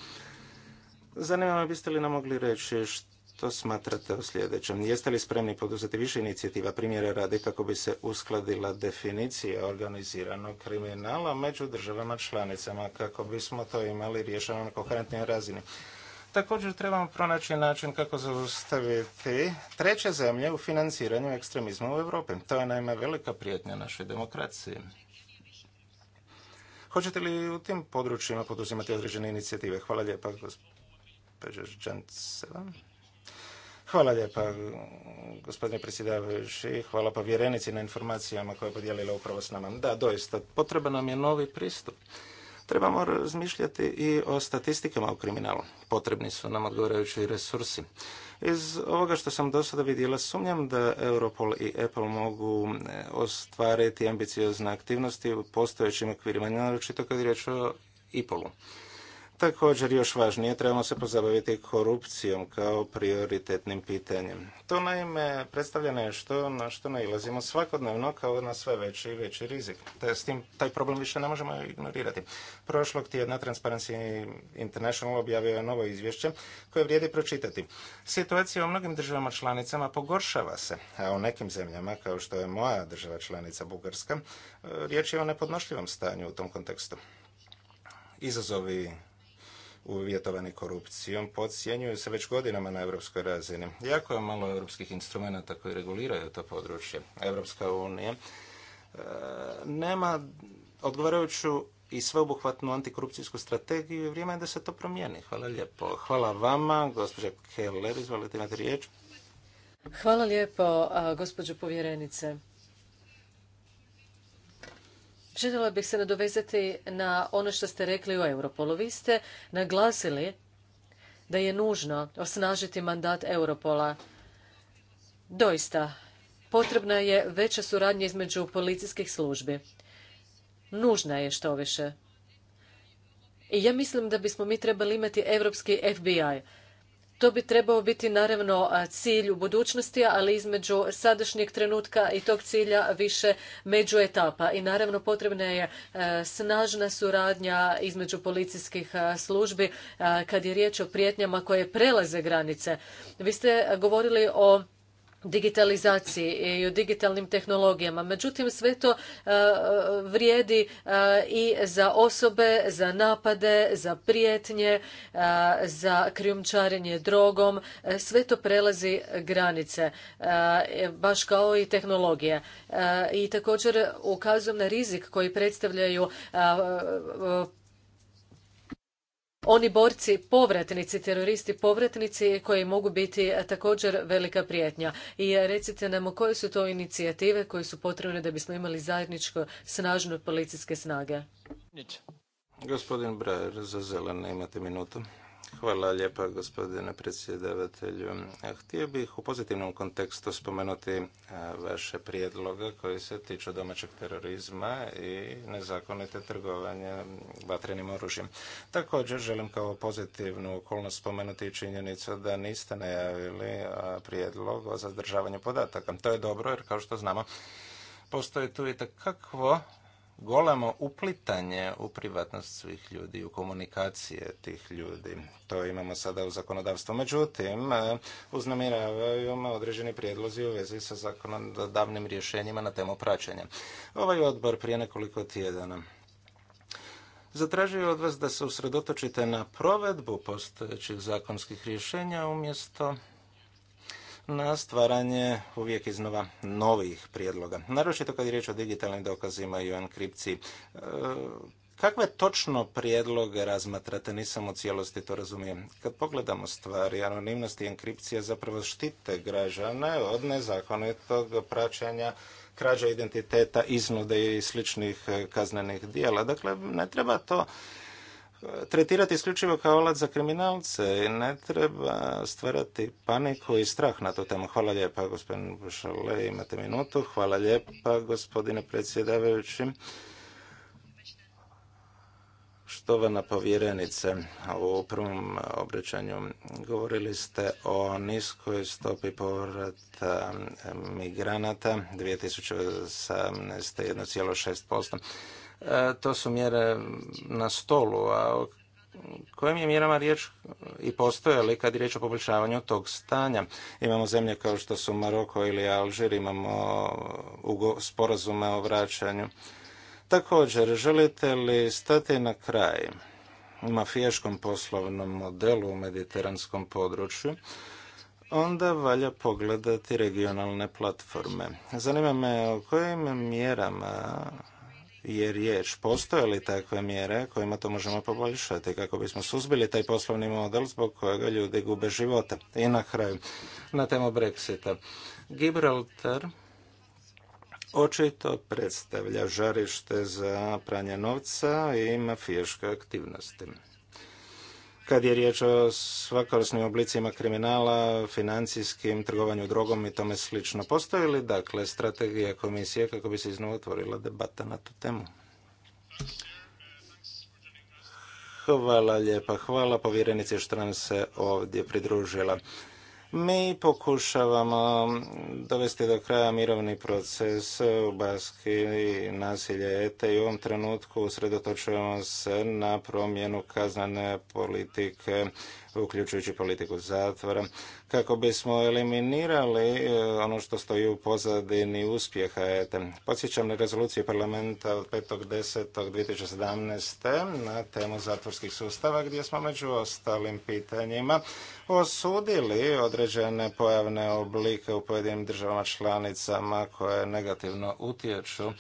zanima me biste li nam mogli reći što smatrate o sljedećem. Jeste li spremni poduzeti više inicijativa primjera radi kako bi se uskladila definicija organiziranog kriminala među državama članicama kako bismo to imali rješeno na koherentnoj razini? Također trebamo pronaći način kako zaustaviti treće zemlje u financiranju ekstremizma u Europi. To je naime velika prijetnja našoj demokraciji. Hoćete li u tim područjima poduzimati određene inicijative? Hvala lijepa, gospođo Đanceva. Hvala lijepa, gospodine predsjedavajući. Hvala povjerenici na informacijama koje je podijelila upravo s nama. Da, doista, potreba nam je novi pristup. Trebamo razmišljati i o statistikama o kriminalu. Potrebni su nam odgovarajući resursi. Iz ovoga što sam do sada vidjela, sumnjam da Europol i Apple mogu e, ostvariti ambiciozne aktivnosti u postojećim okvirima, naročito kad je riječ o Ipolu. Također, još važnije, trebamo se pozabaviti korupcijom kao prioritetnim pitanjem. To naime predstavlja nešto na što nailazimo svakodnevno kao na sve veći i veći rizik. Te s tim taj problem više ne možemo ignorirati. Prošlog tjedna Transparency International objavio je novo izvješće koje vrijedi pročitati. Situacija u mnogim državama članicama pogoršava se, a u nekim zemljama, kao što je moja država članica Bugarska, riječ je o nepodnošljivom stanju u tom kontekstu. Izazovi uvjetovani korupcijom podcjenjuju se već godinama na europskoj razini. Jako je malo europskih instrumenata koji reguliraju to područje. Europska unija e, nema odgovarajuću i sveobuhvatnu antikorupcijsku strategiju i vrijeme je da se to promijeni. Hvala lijepo. Hvala vama, gospođa Keller, izvolite imate riječ. Hvala lijepo, gospođo povjerenice. Željela bih se nadovezati na ono što ste rekli o Europolu. Vi ste naglasili da je nužno osnažiti mandat Europola. Doista, potrebna je veća suradnja između policijskih službi. Nužna je što više. I ja mislim da bismo mi trebali imati europski FBI to bi trebao biti naravno cilj u budućnosti, ali između sadašnjeg trenutka i tog cilja više među etapa. I naravno potrebna je e, snažna suradnja između policijskih službi kad je riječ o prijetnjama koje prelaze granice. Vi ste govorili o digitalizaciji i o digitalnim tehnologijama. Međutim, sve to e, vrijedi e, i za osobe, za napade, za prijetnje, e, za krijumčarenje drogom. Sve to prelazi granice, baš kao i tehnologije. I također ukazujem na rizik koji predstavljaju oni borci povratnici, teroristi povratnici koji mogu biti također velika prijetnja. I recite nam koje su to inicijative koje su potrebne da bismo imali zajedničko snažno policijske snage. Gospodin Brajer za zelene imate minutu. Hvala lijepa gospodine predsjedavatelju. Htio bih u pozitivnom kontekstu spomenuti e, vaše prijedloge koji se tiču domaćeg terorizma i nezakonite trgovanje vatrenim oružjem. Također želim kao pozitivnu okolnost spomenuti činjenicu da niste najavili prijedlog o zadržavanju podataka. To je dobro jer kao što znamo postoji tu i golemo uplitanje u privatnost svih ljudi, u komunikacije tih ljudi. To imamo sada u zakonodavstvu. Međutim, e, uznamiravaju me određeni prijedlozi u vezi sa zakonodavnim rješenjima na temu praćenja. Ovaj odbor prije nekoliko tjedana zatražio od vas da se usredotočite na provedbu postojećih zakonskih rješenja umjesto na stvaranje uvijek iznova novih prijedloga. Naročito kad je riječ o digitalnim dokazima i o enkripciji. E, kakve točno prijedloge razmatrate? Nisam u cijelosti to razumijem. Kad pogledamo stvari, anonimnost i enkripcija zapravo štite građane od nezakonitog praćenja krađa identiteta, iznude i sličnih e, kaznenih dijela. Dakle, ne treba to tretirati isključivo kao alat za kriminalce i ne treba stvarati paniku i strah na tu temu. Hvala lijepa, gospodine Bušale, imate minutu. Hvala lijepa, gospodine predsjedavajući. Štovana povjerenice, u prvom obraćanju govorili ste o niskoj stopi povrata migranata 2018. 1,6%. E, to su mjere na stolu, a o kojim je mjerama riječ i postoje li kad je riječ o poboljšavanju tog stanja. Imamo zemlje kao što su Maroko ili Alžir, imamo sporazume o vraćanju. Također, želite li stati na kraj mafijaškom poslovnom modelu u mediteranskom području, onda valja pogledati regionalne platforme. Zanima me o kojim mjerama je riječ. Postoje li takve mjere kojima to možemo poboljšati kako bismo suzbili taj poslovni model zbog kojega ljudi gube života? I na kraju, na temu Brexita. Gibraltar očito predstavlja žarište za pranje novca i mafijaške aktivnosti kad je riječ o svakorosnim oblicima kriminala, financijskim, trgovanju drogom i tome slično. Postoji li dakle strategija komisije kako bi se iznova otvorila debata na tu temu? Hvala lijepa, hvala povjerenici što nam se ovdje pridružila. Mi pokušavamo dovesti do kraja mirovni proces u Baski nasilje ETE i u ovom trenutku usredotočujemo se na promjenu kaznane politike uključujući politiku zatvora, kako bismo eliminirali e, ono što stoji u pozadini uspjeha ETA. Podsjećam na rezoluciju parlamenta od 5.10.2017. na temu zatvorskih sustava gdje smo među ostalim pitanjima osudili određene pojavne oblike u pojedinim državama članicama koje negativno utječu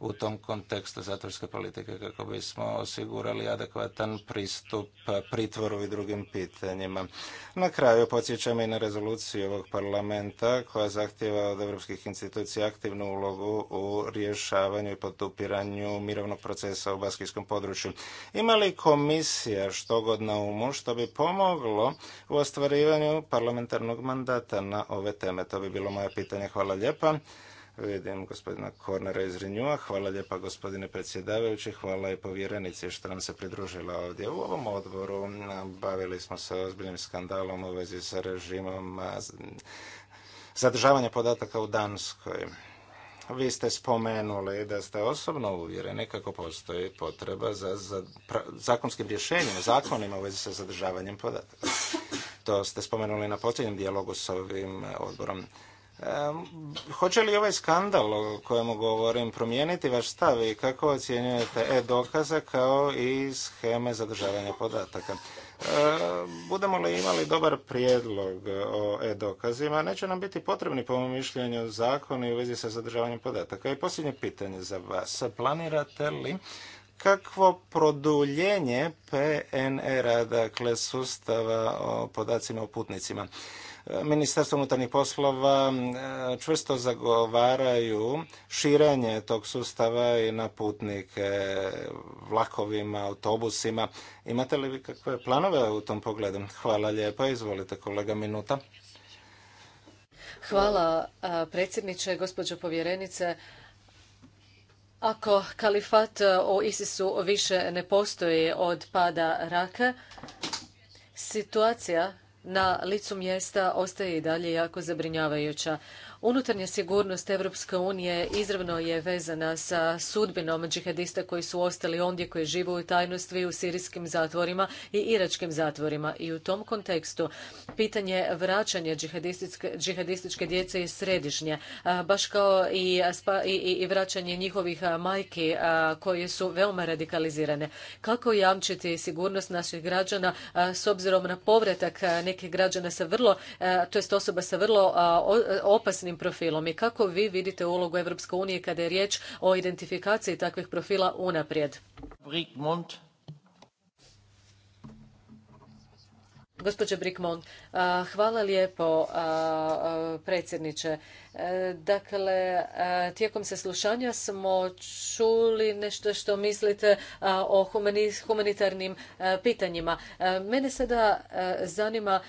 u tom kontekstu zatvorske politike kako bismo osigurali adekvatan pristup pritvoru i drugim pitanjima. Na kraju podsjećam i na rezoluciju ovog parlamenta koja zahtjeva od europskih institucija aktivnu ulogu u rješavanju i potupiranju mirovnog procesa u baskijskom području. Ima li komisija što god na umu što bi pomoglo u ostvarivanju parlamentarnog mandata na ove teme? To bi bilo moje pitanje. Hvala lijepa. Vidim gospodina Kornera iz Rinjua. Hvala lijepa gospodine predsjedavajući, hvala i povjerenici što nam se pridružila ovdje. U ovom odboru bavili smo se ozbiljnim skandalom u vezi sa režimom zadržavanja podataka u Danskoj. Vi ste spomenuli da ste osobno uvjereni kako postoji potreba za, zakonskim rješenjima, zakonima u vezi sa zadržavanjem podataka. To ste spomenuli na posljednjem dijalogu s ovim odborom. Hoće li ovaj skandal o kojemu govorim promijeniti vaš stav i kako ocjenjujete e-dokaze kao i scheme zadržavanja podataka? Budemo li imali dobar prijedlog o e-dokazima, neće nam biti potrebni po mom mišljenju zakoni u vezi sa zadržavanjem podataka. I posljednje pitanje za vas. Planirate li kakvo produljenje PNR-a, e dakle sustava o podacima o putnicima? Ministarstvo unutarnjih poslova e, čvrsto zagovaraju širenje tog sustava i na putnike vlakovima, autobusima. Imate li vi kakve planove u tom pogledu? Hvala lijepo. Izvolite kolega Minuta. Hvala predsjedniče, gospođo povjerenice. Ako kalifat o ISIS-u više ne postoji od pada Rake, situacija na licu mjesta ostaje i dalje jako zabrinjavajuća. Unutarnja sigurnost Europske unije izravno je vezana sa sudbinom džihadista koji su ostali ondje, koji žive u tajnosti u sirijskim zatvorima i iračkim zatvorima. I u tom kontekstu pitanje vraćanja džihadističke, djece je središnje, baš kao i, i, vraćanje njihovih majki koje su veoma radikalizirane. Kako jamčiti sigurnost naših građana s obzirom na povratak nekih građana sa vrlo, to jest osoba sa vrlo opasnim profilom i kako vi vidite ulogu Europske unije kada je riječ o identifikaciji takvih profila unaprijed? Gospođo Brickmont, hvala lijepo predsjedniče. E, dakle, tijekom saslušanja smo čuli nešto što mislite o humanitarnim pitanjima. Mene sada zanima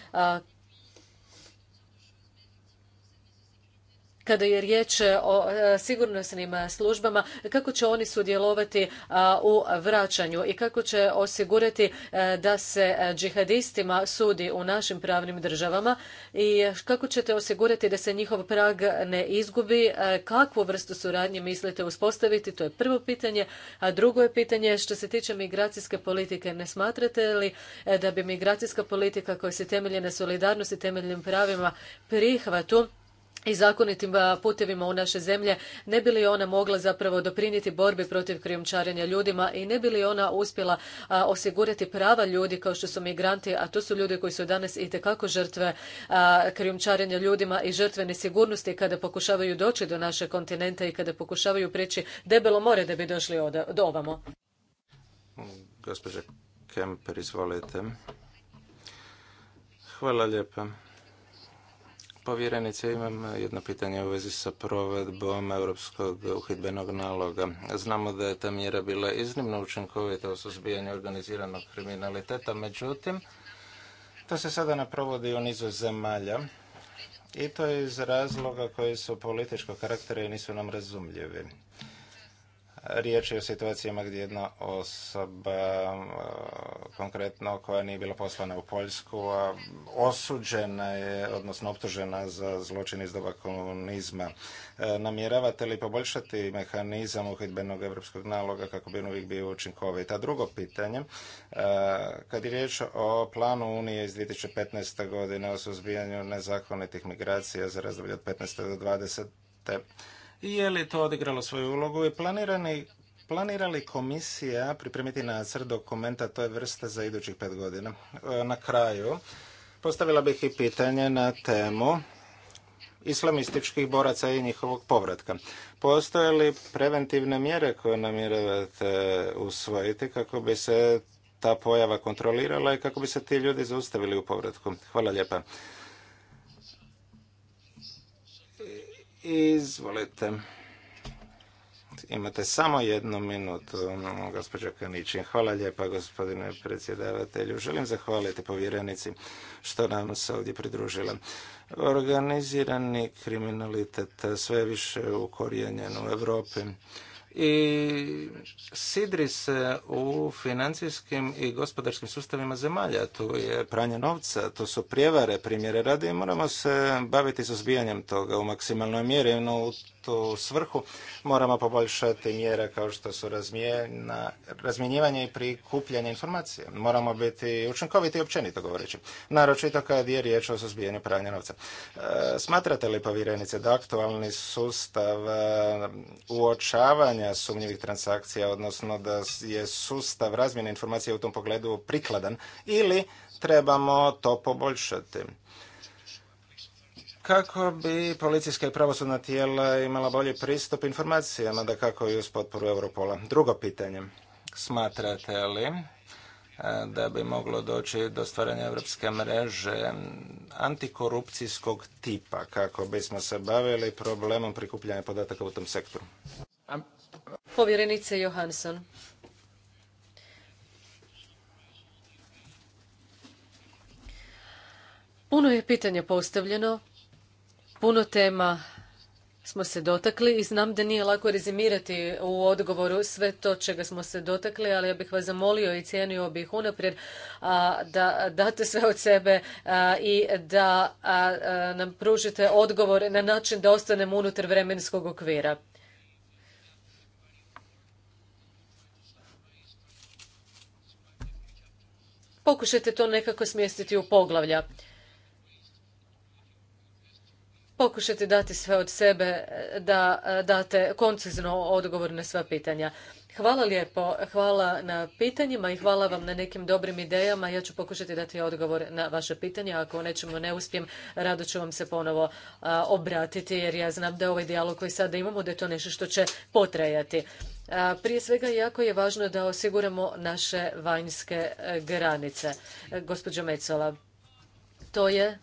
kada je riječ e, o e, sigurnosnim službama, kako će oni sudjelovati u vraćanju i kako će osigurati e, da se džihadistima sudi u našim pravnim državama i kako ćete osigurati da se njihov prag ne izgubi, kakvu vrstu suradnje mislite uspostaviti, to je prvo pitanje, a drugo je pitanje što se tiče migracijske politike, ne smatrate li da bi migracijska politika koja se temelji na solidarnosti, temeljnim pravima, prihvatu i zakonitim putevima u naše zemlje, ne bi li ona mogla zapravo doprinijeti borbi protiv krijumčarenja ljudima i ne bi li ona uspjela osigurati prava ljudi kao što su migranti, a to su ljudi koji su danas itekako žrtve krijumčarenja ljudima i žrtve nesigurnosti kada pokušavaju doći do naše kontinenta i kada pokušavaju preći debelo more da bi došli do ovamo. izvolite. Hvala Povjerenice, imam jedno pitanje u vezi sa provedbom Europskog uhidbenog naloga. Znamo da je ta mjera bila iznimno učinkovita u suzbijanju organiziranog kriminaliteta, međutim, to se sada ne provodi u nizu zemalja i to je iz razloga koji su političkog karaktera i nisu nam razumljivi. Riječ je o situacijama gdje jedna osoba, e, konkretno koja nije bila poslana u Poljsku, a osuđena je, odnosno optužena za zločin iz doba komunizma. E, namjeravate li poboljšati mehanizam uhidbenog evropskog naloga kako bi on uvijek bio učinkovit? A drugo pitanje, e, kad je riječ o planu Unije iz 2015. godine o suzbijanju nezakonitih migracija za razdoblje od 15. do 20. Je li to odigralo svoju ulogu i planirani Planira li komisija pripremiti nacrt dokumenta toj vrste za idućih pet godina? E, na kraju, postavila bih i pitanje na temu islamističkih boraca i njihovog povratka. Postoje li preventivne mjere koje namjeravate usvojiti kako bi se ta pojava kontrolirala i kako bi se ti ljudi zaustavili u povratku? Hvala lijepa. Izvolite. Imate samo jednu minutu, gospođo Kaničin. Hvala lijepa, gospodine predsjedavatelju. Želim zahvaliti povjerenici što nam se ovdje pridružila. Organizirani kriminalitet sve više ukorijenjen u Europi i sidri se u financijskim i gospodarskim sustavima zemalja. Tu je pranje novca, to su prijevare, primjere radi i moramo se baviti suzbijanjem toga u maksimalnoj mjeri, no u tu svrhu moramo poboljšati mjere kao što su razmjenjivanje i prikupljanje informacije. Moramo biti učinkoviti i općenito govoreći, naročito kad je riječ o suzbijanju pranja novca. E, smatrate li povjerenice da aktualni sustav e, uočavanja sumnjivih transakcija, odnosno da je sustav razmjene informacija u tom pogledu prikladan ili trebamo to poboljšati kako bi policijska i pravosudna tijela imala bolji pristup informacijama, da kako i uz potporu Europola. Drugo pitanje, smatrate li e, da bi moglo doći do stvaranja europske mreže antikorupcijskog tipa kako bismo se bavili problemom prikupljanja podataka u tom sektoru? Povjerenice Johansson. Puno je pitanja postavljeno, puno tema smo se dotakli i znam da nije lako rezimirati u odgovoru sve to čega smo se dotakli, ali ja bih vas zamolio i cijenio bih unaprijed da date sve od sebe i da nam pružite odgovor na način da ostanemo unutar vremenskog okvira. pokušajte to nekako smjestiti u poglavlja. Pokušajte dati sve od sebe eh, da eh, date koncizno odgovor na sva pitanja. Hvala lijepo, hvala na pitanjima i hvala vam na nekim dobrim idejama. Ja ću pokušati dati odgovor na vaše pitanja. Ako nećemo, nečemu ne uspijem, rado ću vam se ponovo eh, obratiti jer ja znam da je ovaj dijalog koji sada imamo da je to nešto što će potrajati. Prije svega, jako je važno da osiguramo naše vanjske e, granice. E, gospođo Mecola, to je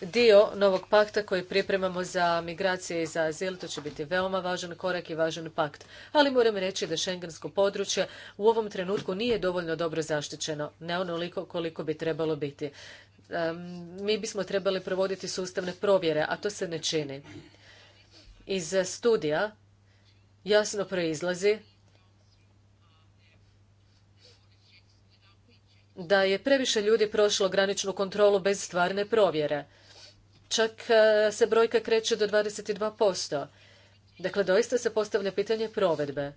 dio novog pakta koji pripremamo za migracije i za azil. To će biti veoma važan korak i važan pakt. Ali moram reći da šengensko područje u ovom trenutku nije dovoljno dobro zaštićeno. Ne onoliko koliko bi trebalo biti. E, mi bismo trebali provoditi sustavne provjere, a to se ne čini. Iz studija jasno proizlazi da je previše ljudi prošlo graničnu kontrolu bez stvarne provjere. Čak e, se brojka kreće do 22%. Dakle, doista se postavlja pitanje provedbe.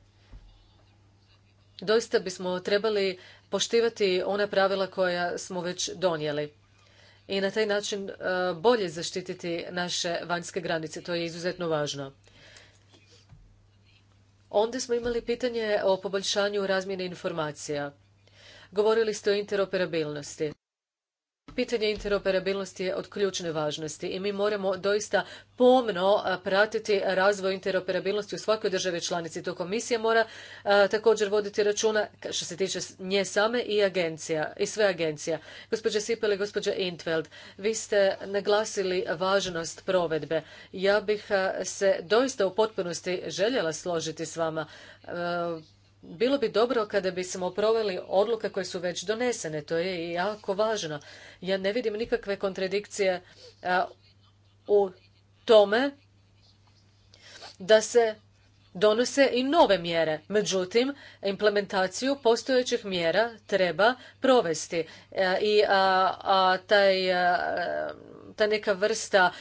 Doista bismo trebali poštivati ona pravila koja smo već donijeli i na taj način e, bolje zaštititi naše vanjske granice. To je izuzetno važno. Onda smo imali pitanje o poboljšanju razmjene informacija. Govorili ste o interoperabilnosti. Pitanje interoperabilnosti je od ključne važnosti i mi moramo doista pomno pratiti razvoj interoperabilnosti u svakoj državi članici. To komisija mora također voditi računa što se tiče nje same i agencija i sve agencija. Gospođa Sipel i gospođa Intveld, vi ste naglasili važnost provedbe. Ja bih se doista u potpunosti željela složiti s vama bilo bi dobro kada bismo proveli odluke koje su već donesene. To je jako važno. Ja ne vidim nikakve kontradikcije u tome da se donose i nove mjere. Međutim, implementaciju postojećih mjera treba provesti. E, I taj e, ta neka vrsta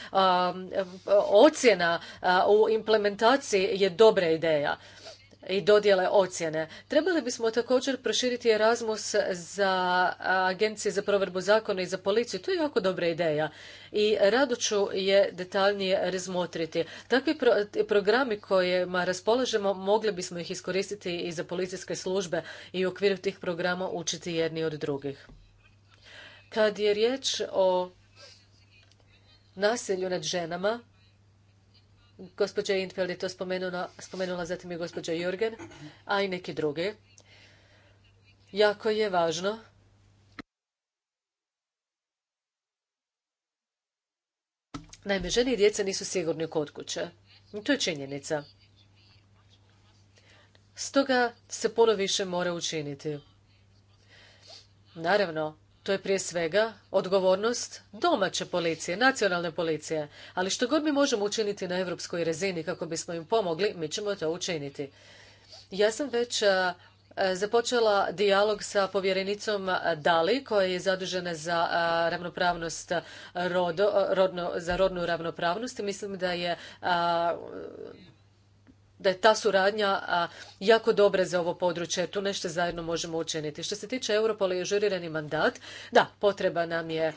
ocjena u implementaciji je dobra ideja i dodjele ocjene. Trebali bismo također proširiti Erasmus za agencije za provedbu zakona i za policiju. To je jako dobra ideja i rado ću je detaljnije razmotriti. Takvi programi kojima raspolažemo mogli bismo ih iskoristiti i za policijske službe i u okviru tih programa učiti jedni od drugih. Kad je riječ o nasilju nad ženama, Gospođa Intfeld je to spomenula, spomenula zatim i gospođa Jurgen, a i neki drugi. Jako je važno Naime, žene i djeca nisu sigurni kod kuće. To je činjenica. Stoga se puno više mora učiniti. Naravno, to je prije svega odgovornost domaće policije, nacionalne policije. Ali što god mi možemo učiniti na europskoj razini kako bismo im pomogli, mi ćemo to učiniti. Ja sam već e, započela dijalog sa povjerenicom Dali koja je zadužena za e, ravnopravnost za rodnu ravnopravnost i mislim da je e, da je ta suradnja jako dobra za ovo područje, tu nešto zajedno možemo učiniti. Što se tiče Europola i ažurirani mandat, da, potreba nam je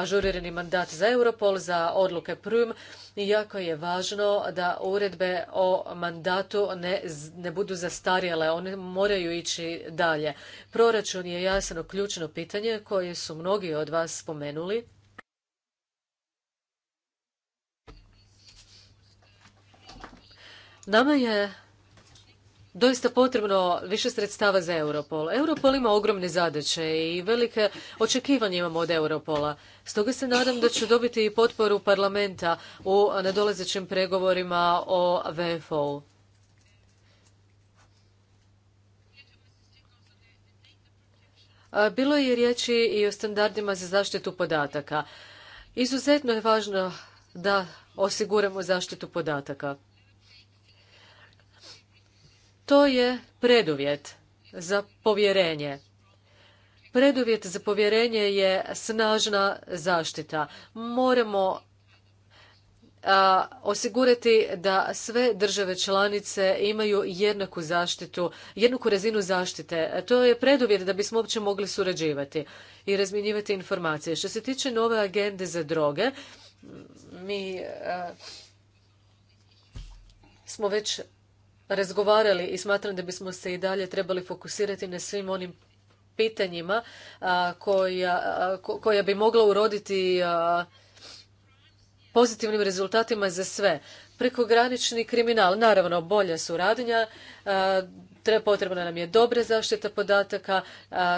ažurirani mandat za Europol, za odluke prim i jako je važno da uredbe o mandatu ne, ne budu zastarjele, one moraju ići dalje. Proračun je jasno ključno pitanje koje su mnogi od vas spomenuli Nama je doista potrebno više sredstava za Europol. Europol ima ogromne zadaće i velike očekivanje imamo od Europola. Stoga se nadam da ću dobiti i potporu parlamenta u nadolazećim pregovorima o VFO. Bilo je riječi i o standardima za zaštitu podataka. Izuzetno je važno da osiguramo zaštitu podataka. To je preduvjet za povjerenje. Preduvjet za povjerenje je snažna zaštita. Moramo osigurati da sve države članice imaju jednaku zaštitu, jednaku razinu zaštite. To je preduvjet da bismo uopće mogli surađivati i razmjenjivati informacije. Što se tiče nove agende za droge, mi smo već razgovarali i smatram da bismo se i dalje trebali fokusirati na svim onim pitanjima koja, koja bi mogla uroditi pozitivnim rezultatima za sve. Prekogranični kriminal, naravno bolja suradnja, potrebna nam je dobra zaštita podataka,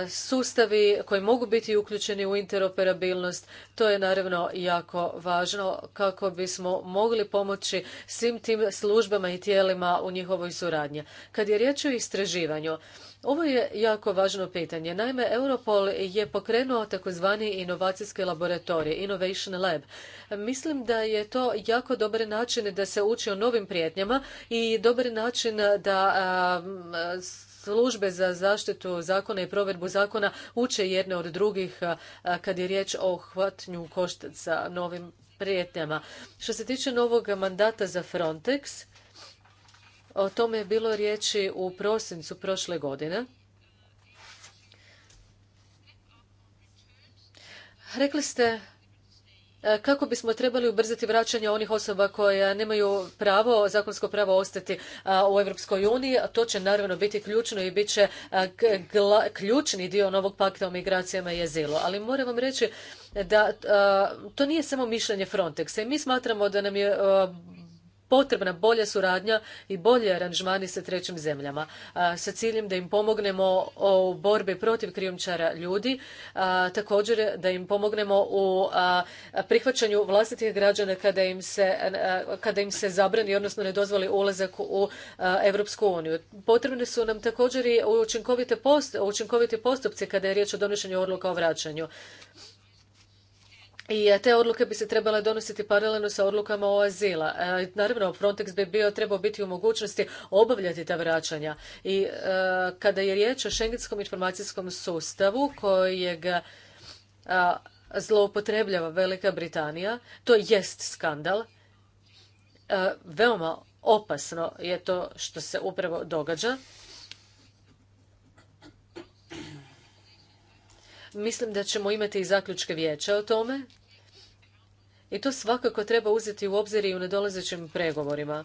sustavi koji mogu biti uključeni u interoperabilnost, to je naravno jako važno kako bismo mogli pomoći svim tim službama i tijelima u njihovoj suradnji. Kad je riječ o istraživanju, ovo je jako važno pitanje. Naime, Europol je pokrenuo takozvani inovacijski laboratorij, Innovation Lab. Mislim da je to jako dobar način da se uči o novim prijetnjama i dobar način da službe za zaštitu zakona i provedbu zakona uče jedne od drugih kad je riječ o hvatnju koštaca novim prijetnjama. Što se tiče novog mandata za Frontex, o tome je bilo riječi u prosincu prošle godine. Rekli ste e, kako bismo trebali ubrzati vraćanje onih osoba koje nemaju pravo, zakonsko pravo ostati u Europskoj uniji, a to će naravno biti ključno i bit će ključni dio novog pakta o migracijama i azilu. Ali moram vam reći da to nije samo mišljenje Frontexa mi smatramo da nam je potrebna bolja suradnja i bolji aranžmani sa trećim zemljama sa ciljem da im pomognemo u borbi protiv krijumčara ljudi, također da im pomognemo u prihvaćanju vlastitih građana kada im se, kada im se zabrani odnosno ne dozvoli ulazak u Europsku uniju. Potrebni su nam također i učinkovite učinkoviti postupci kada je riječ o donošenju odluka o vraćanju i e, te odluke bi se trebale donositi paralelno sa odlukama o azila. E, naravno, Frontex bi bio trebao biti u mogućnosti obavljati ta vraćanja. I e, kada je riječ o šengenskom informacijskom sustavu kojeg zloupotrebljava Velika Britanija, to jest skandal. Veoma opasno je to što se upravo događa. Mislim da ćemo imati i zaključke vijeća o tome i to svakako treba uzeti u obzir i u nedolazećim pregovorima.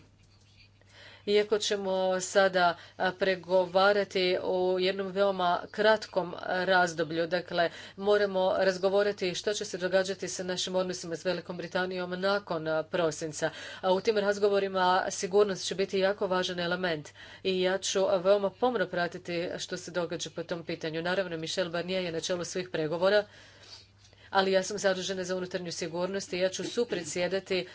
Iako ćemo sada pregovarati u jednom veoma kratkom razdoblju, dakle moramo razgovoriti što će se događati sa našim odnosima s Velikom Britanijom nakon prosinca. A u tim razgovorima sigurnost će biti jako važan element i ja ću veoma pomno pratiti što se događa po tom pitanju. Naravno, Michel Barnier je na čelu svih pregovora ali ja sam zadužena za unutarnju sigurnost i ja ću supredsjedati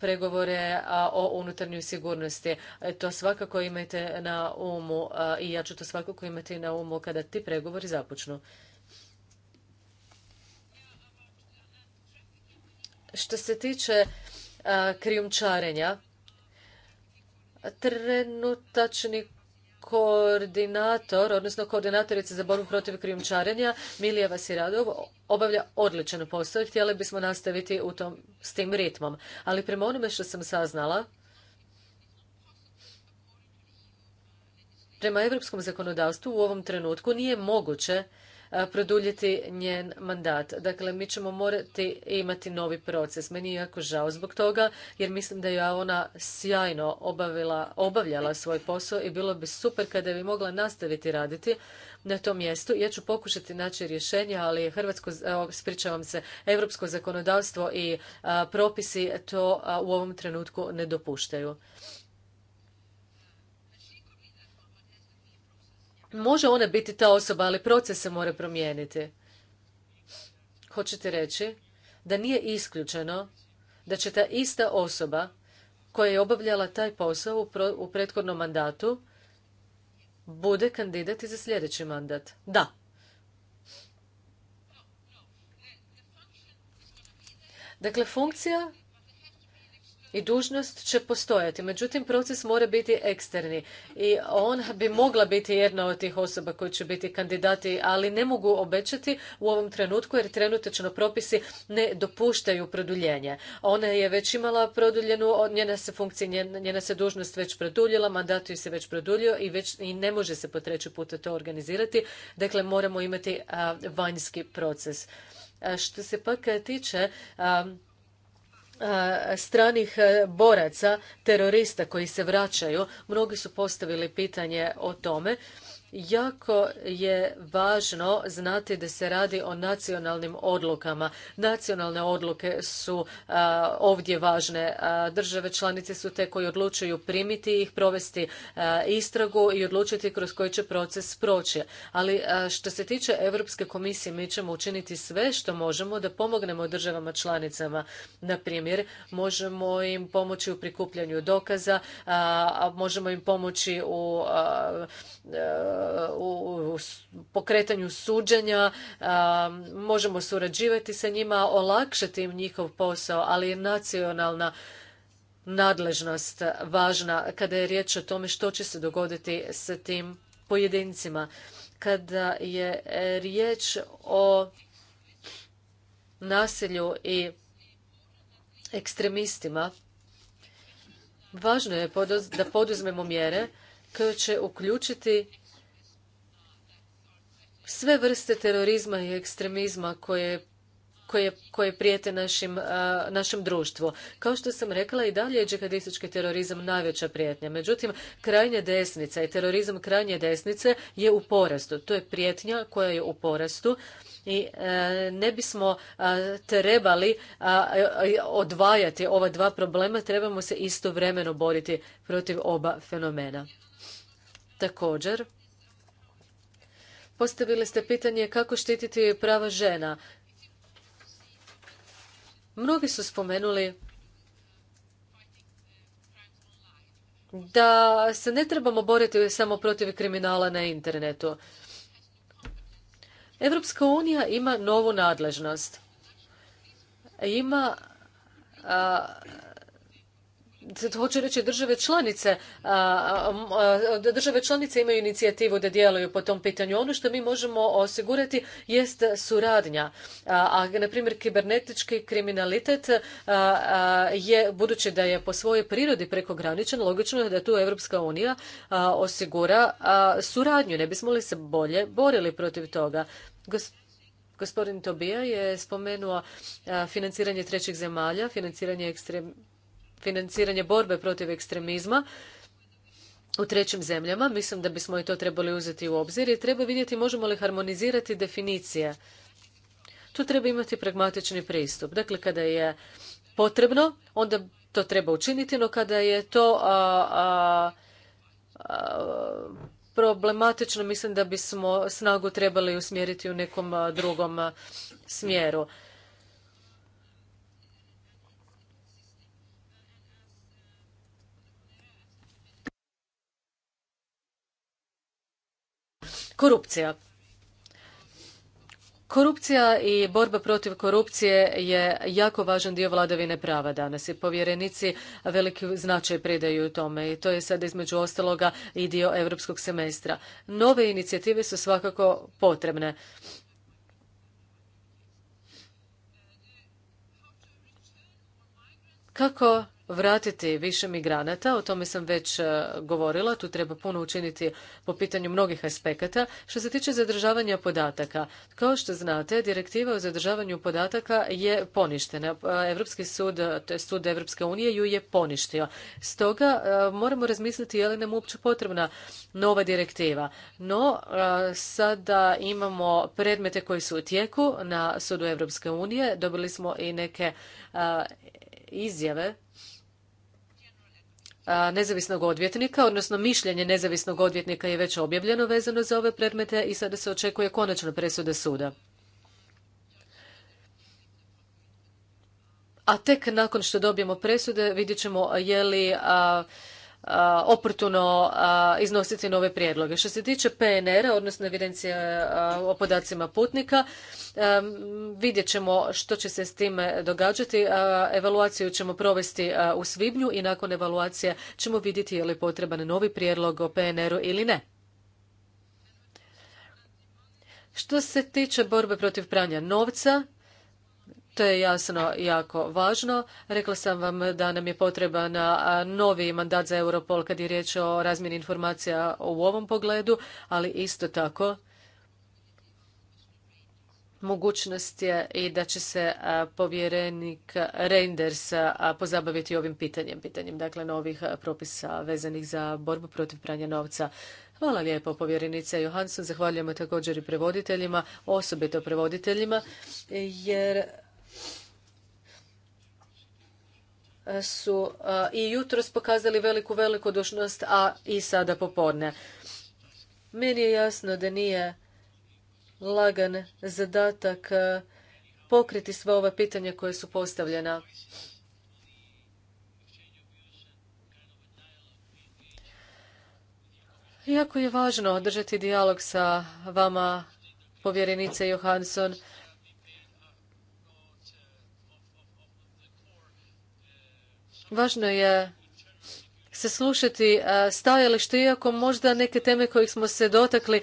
pregovore o unutarnjoj sigurnosti. E, to svakako imajte na umu i ja ću to svakako imati na umu kada ti pregovori započnu. Što se tiče krijumčarenja, trenutačni koordinator, odnosno koordinatorica za borbu protiv krijumčarenja Milija Vasiradov obavlja odličan posao i htjeli bismo nastaviti u tom, s tim ritmom. Ali prema onome što sam saznala, prema europskom zakonodavstvu u ovom trenutku nije moguće produljiti njen mandat. Dakle, mi ćemo morati imati novi proces. Meni je jako žao zbog toga jer mislim da je ona sjajno obavila, obavljala svoj posao i bilo bi super kada bi mogla nastaviti raditi na tom mjestu. Ja ću pokušati naći rješenje, ali hrvatsko, spričavam se, europsko zakonodavstvo i propisi to u ovom trenutku ne dopuštaju. Može ona biti ta osoba, ali proces se mora promijeniti. Hoćete reći da nije isključeno da će ta ista osoba koja je obavljala taj posao u prethodnom mandatu bude kandidat i za sljedeći mandat. Da. Dakle, funkcija i dužnost će postojati. Međutim, proces mora biti eksterni i on bi mogla biti jedna od tih osoba koje će biti kandidati, ali ne mogu obećati u ovom trenutku jer trenutačno propisi ne dopuštaju produljenje. Ona je već imala produljenu, njena se funkcija, njena se dužnost već produljila, mandat ju se već produljio i, već, i ne može se po treći puta to organizirati. Dakle, moramo imati vanjski proces. što se pak e, tiče stranih e, boraca terorista koji se vraćaju mnogi su postavili pitanje o tome Jako je važno znati da se radi o nacionalnim odlukama. Nacionalne odluke su ovdje važne. A, države članice su te koji odlučuju primiti ih, provesti istragu i odlučiti kroz koji će proces proći. Ali što se tiče Europske komisije, mi ćemo učiniti sve što možemo da pomognemo državama članicama. Na primjer, možemo im pomoći u prikupljanju dokaza, možemo im pomoći u u pokretanju suđenja, možemo surađivati sa njima, olakšati im njihov posao, ali je nacionalna nadležnost važna kada je riječ o tome što će se dogoditi sa tim pojedincima. Kada je riječ o nasilju i ekstremistima, važno je da poduzmemo mjere koje će uključiti sve vrste terorizma i ekstremizma koje koje, prijete našem društvu. Kao što sam rekla, i dalje je džihadistički terorizam najveća prijetnja. Međutim, krajnja desnica i terorizam krajnje desnice je u porastu. To je prijetnja koja je u porastu i e, ne bismo trebali e, odvajati ova dva problema, trebamo se istovremeno boriti protiv oba fenomena. Također, Postavili ste pitanje kako štititi prava žena. Mnogi su spomenuli da se ne trebamo boriti samo protiv kriminala na internetu. Europska unija ima novu nadležnost. Ima hoću reći države članice države članice imaju inicijativu da djeluju po tom pitanju ono što mi možemo osigurati jest suradnja a na primjer kibernetički kriminalitet je budući da je po svojoj prirodi prekograničan logično je da tu Europska unija osigura suradnju ne bismo li se bolje borili protiv toga gospodin Tobija je spomenuo financiranje trećih zemalja financiranje ekstrem financiranje borbe protiv ekstremizma u trećim zemljama. Mislim da bismo i to trebali uzeti u obzir i treba vidjeti možemo li harmonizirati definicije. Tu treba imati pragmatični pristup. Dakle, kada je potrebno, onda to treba učiniti, no kada je to problematično, mislim da bismo snagu trebali usmjeriti u nekom drugom smjeru. Korupcija. Korupcija i borba protiv korupcije je jako važan dio vladavine prava danas i povjerenici veliki značaj pridaju tome i to je sad između ostaloga i dio europskog semestra. Nove inicijative su svakako potrebne. Kako vratiti više migranata, o tome sam već e, govorila, tu treba puno učiniti po pitanju mnogih aspekata. Što se tiče zadržavanja podataka, kao što znate, direktiva o zadržavanju podataka je poništena. Europski sud, to sud Evropske unije, ju je poništio. Stoga e, moramo razmisliti je li nam uopće potrebna nova direktiva. No, e, sada imamo predmete koji su u tijeku na sudu Evropske unije. Dobili smo i neke izjave nezavisnog odvjetnika, odnosno mišljenje nezavisnog odvjetnika je već objavljeno vezano za ove predmete i sada se očekuje konačna presuda suda. A tek nakon što dobijemo presude vidjet ćemo je li oportuno iznositi nove prijedloge. Što se tiče PNR-a, odnosno evidencije o podacima putnika, vidjet ćemo što će se s time događati. Evaluaciju ćemo provesti u svibnju i nakon evaluacije ćemo vidjeti je li potreban novi prijedlog o PNR-u ili ne. Što se tiče borbe protiv pranja novca, to je jasno jako važno. Rekla sam vam da nam je potreban novi mandat za Europol kad je riječ o razmjeni informacija u ovom pogledu, ali isto tako mogućnost je i da će se povjerenik Reinders pozabaviti ovim pitanjem, pitanjem dakle novih propisa vezanih za borbu protiv pranja novca. Hvala lijepo povjerenice Johansson, zahvaljujemo također i prevoditeljima, osobito prevoditeljima, jer su e, i jutros pokazali veliku velikodušnost, a i sada popodne. Meni je jasno da nije lagan zadatak e, pokriti sva ova pitanja koja su postavljena. Jako je važno održati dijalog sa vama, povjerenice Johansson, Važno je se slušati stajalište, iako možda neke teme kojih smo se dotakli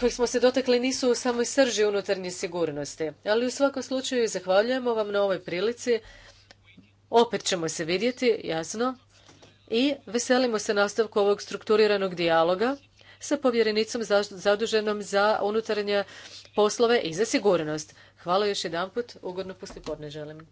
kojih smo se dotakli nisu u samoj srži unutarnje sigurnosti. Ali u svakom slučaju zahvaljujemo vam na ovoj prilici. Opet ćemo se vidjeti, jasno. I veselimo se nastavku ovog strukturiranog dijaloga sa povjerenicom zaduženom za unutarnje poslove i za sigurnost. Hvala još jedanput. Ugodno poslijepodne želim.